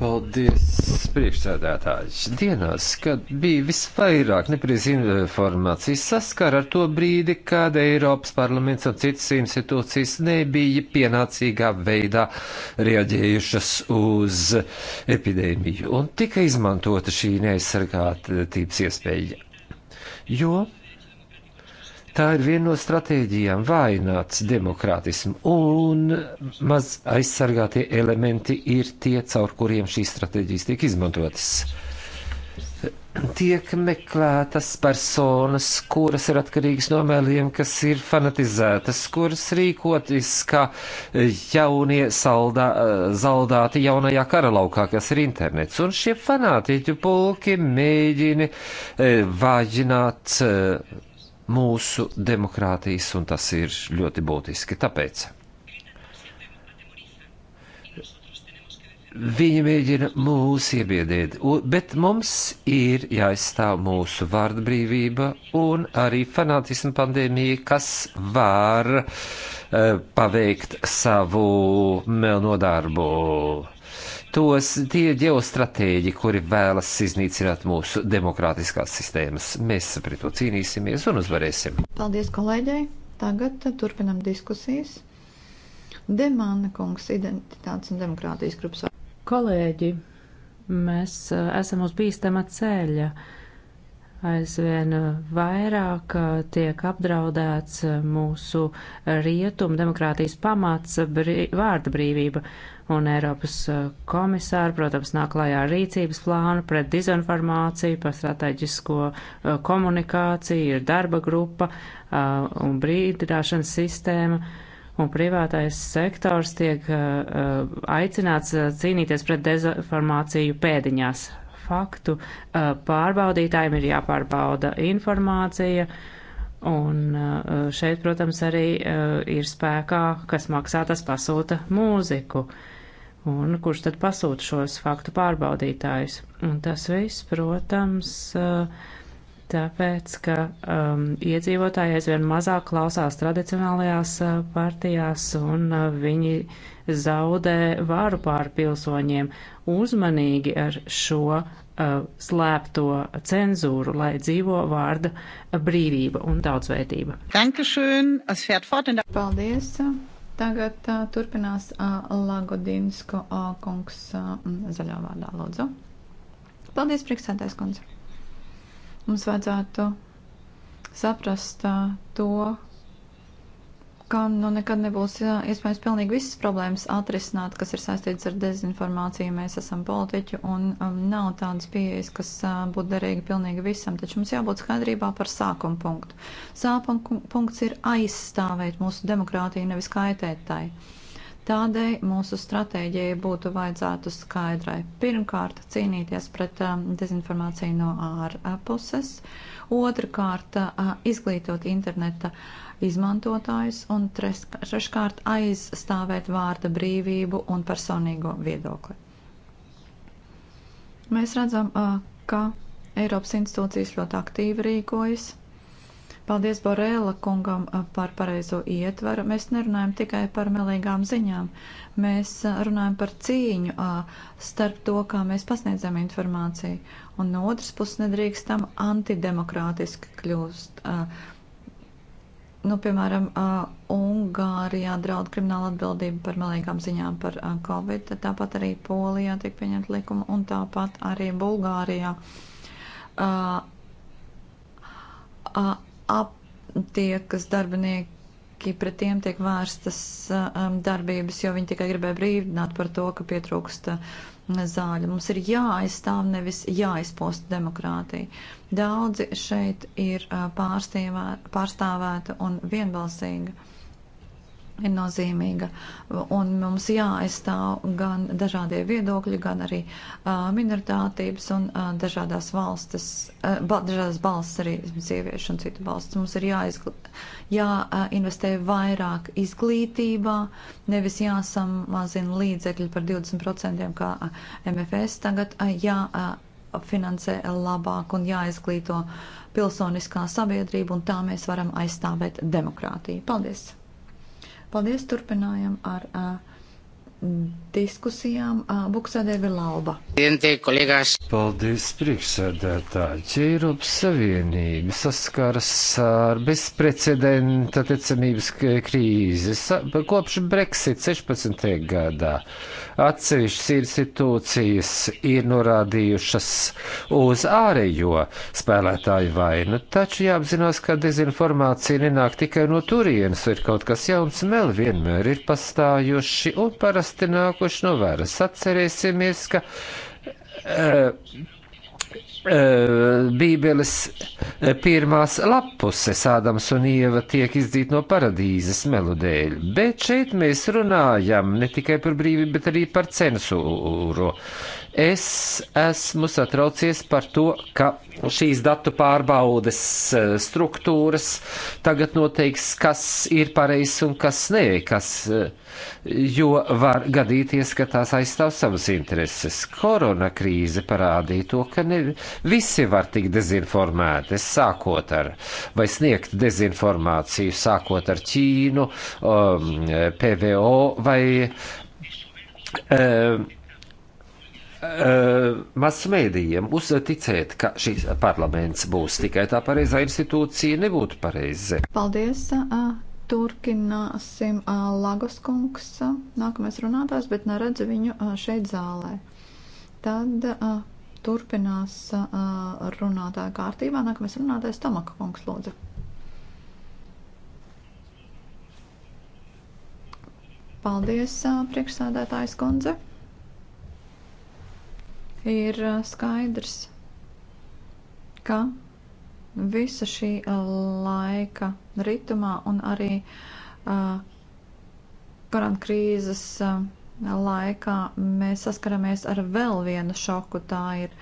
Paldies, priekšsēdētājs. Dienās, kad bija visvairāk nepareizi informācijas saskara ar to brīdi, kad Eiropas parlaments un citas institūcijas nebija pienācīgā veidā reaģējušas uz epidēmiju un tika izmantota šī neaizsargātības iespēja. Jo Tā ir viena no stratēģijām vainot demokrātismu, un maz aizsargātie elementi ir tie, caur kuriem šīs stratēģijas tiek izmantotas. Tiek meklētas personas, kuras ir atkarīgas no mēliem, kas ir fanatizētas, kuras rīkoties kā jaunie saldā, zaldāti jaunajā karalaukā, kas ir internets. Un šie fanātiķu pulki mēģina eh, vāģināt eh, mūsu demokrātijas, un tas ir ļoti būtiski. Tāpēc viņi mēģina mūs iebiedēt, bet mums ir jāizstāv mūsu vārdbrīvība un arī fanātismu pandēmija, kas var uh, paveikt savu melno darbu. Uh, tos tie ģeostrateģi, kuri vēlas iznīcināt mūsu demokrātiskās sistēmas. Mēs pret to cīnīsimies un uzvarēsim. Paldies kolēģei! Tagad turpinam diskusijas. Demāna kungs, identitātes un demokrātijas grupas. Kolēģi, mēs eh, esam uz bīstama ceļa. Aizvien eh, vairāk eh, tiek apdraudēts mūsu rietumu demokrātijas pamats brī, vārda brīvība un Eiropas uh, komisāri, protams, nāk klajā ar rīcības plānu pret dezinformāciju, par strateģisko uh, komunikāciju, ir darba grupa uh, un brīdināšanas sistēma. Un privātais sektors tiek uh, aicināts cīnīties pret dezinformāciju pēdiņās. Faktu uh, pārbaudītājiem ir jāpārbauda informācija, uh, Un eh, šeit, protams, arī eh, ir spēkā, kas maksā, tas pasūta mūziku. Un kurš tad pasūta šos faktu pārbaudītājus? Un tas viss, protams, eh, tāpēc, ka um, iedzīvotāji aizvien mazāk klausās tradicionālajās partijās un viņi zaudē vāru pār pilsoņiem. Uzmanīgi ar šo Uh, slēpto cenzūru, lai dzīvo vārda brīvība un daudzveidība. Paldies! Tagad uh, turpinās uh, Lagodinsko uh, kungs uh, zaļā vārdā, lūdzu. Paldies, priekšsēdājs kundze. Mums vajadzētu saprast uh, to, ka nu, nekad nebūs jā, iespējams pilnīgi visas problēmas atrisināt, kas ir saistītas ar dezinformāciju. Mēs esam politiķi un um, nav tādas pieejas, kas uh, būtu derīga pilnīgi visam, taču mums jābūt skaidrībā par sākuma punktu. Sākuma punkts ir aizstāvēt mūsu demokrātiju, nevis kaitēt tai. Tādēļ mūsu stratēģijai būtu vajadzētu skaidrai. Pirmkārt, cīnīties pret um, dezinformāciju no ārpuses. Otrakārt, uh, izglītot interneta uh, izmantotājus un treškārt aizstāvēt vārda brīvību un personīgo viedokli. Mēs redzam, ka Eiropas institūcijas ļoti aktīvi rīkojas. Paldies Borēla kungam par pareizo ietveru. Mēs nerunājam tikai par melīgām ziņām, mēs runājam par cīņu starp to, kā mēs pasniedzam informāciju. Un no otras puses nedrīkstam antidemokrātiski kļūst. Uh, nu, piemēram, Ungārijā draud krimināla atbildība par melīgām ziņām par Covid, tāpat arī Polijā tiek pieņemta likuma un tāpat arī Bulgārijā attiekas darbinieki ka pret tiem tiek vērstas darbības, jo viņi tikai gribēja brīdināt par to, ka pietrūkst zāļu. Mums ir jāaizstāv, nevis jāizpost demokrātija. Daudzi šeit ir pārstāvēta un vienbalsīga ir nozīmīga, un mums jāaizstāv gan dažādie viedokļi, gan arī uh, minoritātības un uh, dažādās valstis, uh, ba, dažādas balsts arī sieviešu un citu balsts. Mums ir jāinvestē uh, vairāk izglītībā, nevis jāsamazina līdzekļi par 20%, kā MFS tagad uh, jāfinansē uh, labāk un jāizglīto pilsoniskā sabiedrība, un tā mēs varam aizstāvēt demokrātiju. Paldies! Paldies, turpinājam ar. Uh, diskusijām Buksādē Vilauba. Paldies, priekšsēdētāji. Eiropas Savienība saskaras ar bezprecedenta ticamības krīzi kopš Brexit 16. gadā. Atsevišķas institūcijas ir norādījušas uz ārējo spēlētāju vainu, taču jāapzinās, ka dezinformācija nenāk tikai no turienes, ir kaut kas jauns, meli vienmēr ir pastājuši un parasti parasti nākuši no varas. Atcerēsimies, ka. Uh, Bībeles eh, pirmās lapuses Ādams un Ieva tiek izdzīti no paradīzes melodēļ, bet šeit mēs runājam ne tikai par brīvību, bet arī par censūru. Es esmu satraucies par to, ka šīs datu pārbaudes eh, struktūras tagad noteiks, kas ir pareizs un kas nē, kas, eh, jo var gadīties, ka tās aizstāv savas intereses. Korona krīze parādīja to, ka ne visi var tik dezinformēti, sākot ar, vai sniegt dezinformāciju, sākot ar Ķīnu, um, PVO vai. Um, Eh, masmēdījiem uzticēt, ka šis parlaments būs tikai tā pareizā institūcija, nebūtu pareizi. Paldies! Eh, turpināsim eh, Lagos kungs, nākamais runātājs, bet neredzu viņu šeit zālē. Tad turpinās runātāja kārtībā. Nākamais runātājs Tomaka kungs, lūdzu. Paldies, priekšsādētājs kundze ir skaidrs, ka visa šī laika ritumā un arī korona krīzes laikā mēs saskaramies ar vēl vienu šoku. Tā ir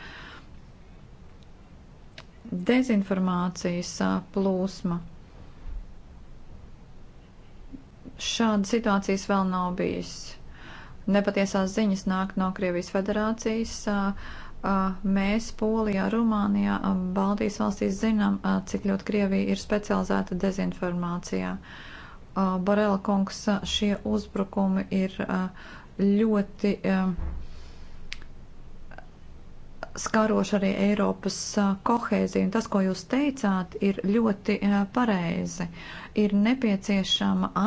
dezinformācijas plūsma. Šāda situācijas vēl nav bijusi nepatiesās ziņas nāk no Krievijas federācijas. Mēs Polijā, Rumānijā, Baltijas valstīs zinām, cik ļoti Krievija ir specializēta dezinformācijā. Borela kungs, šie uzbrukumi ir ļoti skaroši arī Eiropas kohēziju. Un tas, ko jūs teicāt, ir ļoti pareizi. Ir nepieciešama atbildība.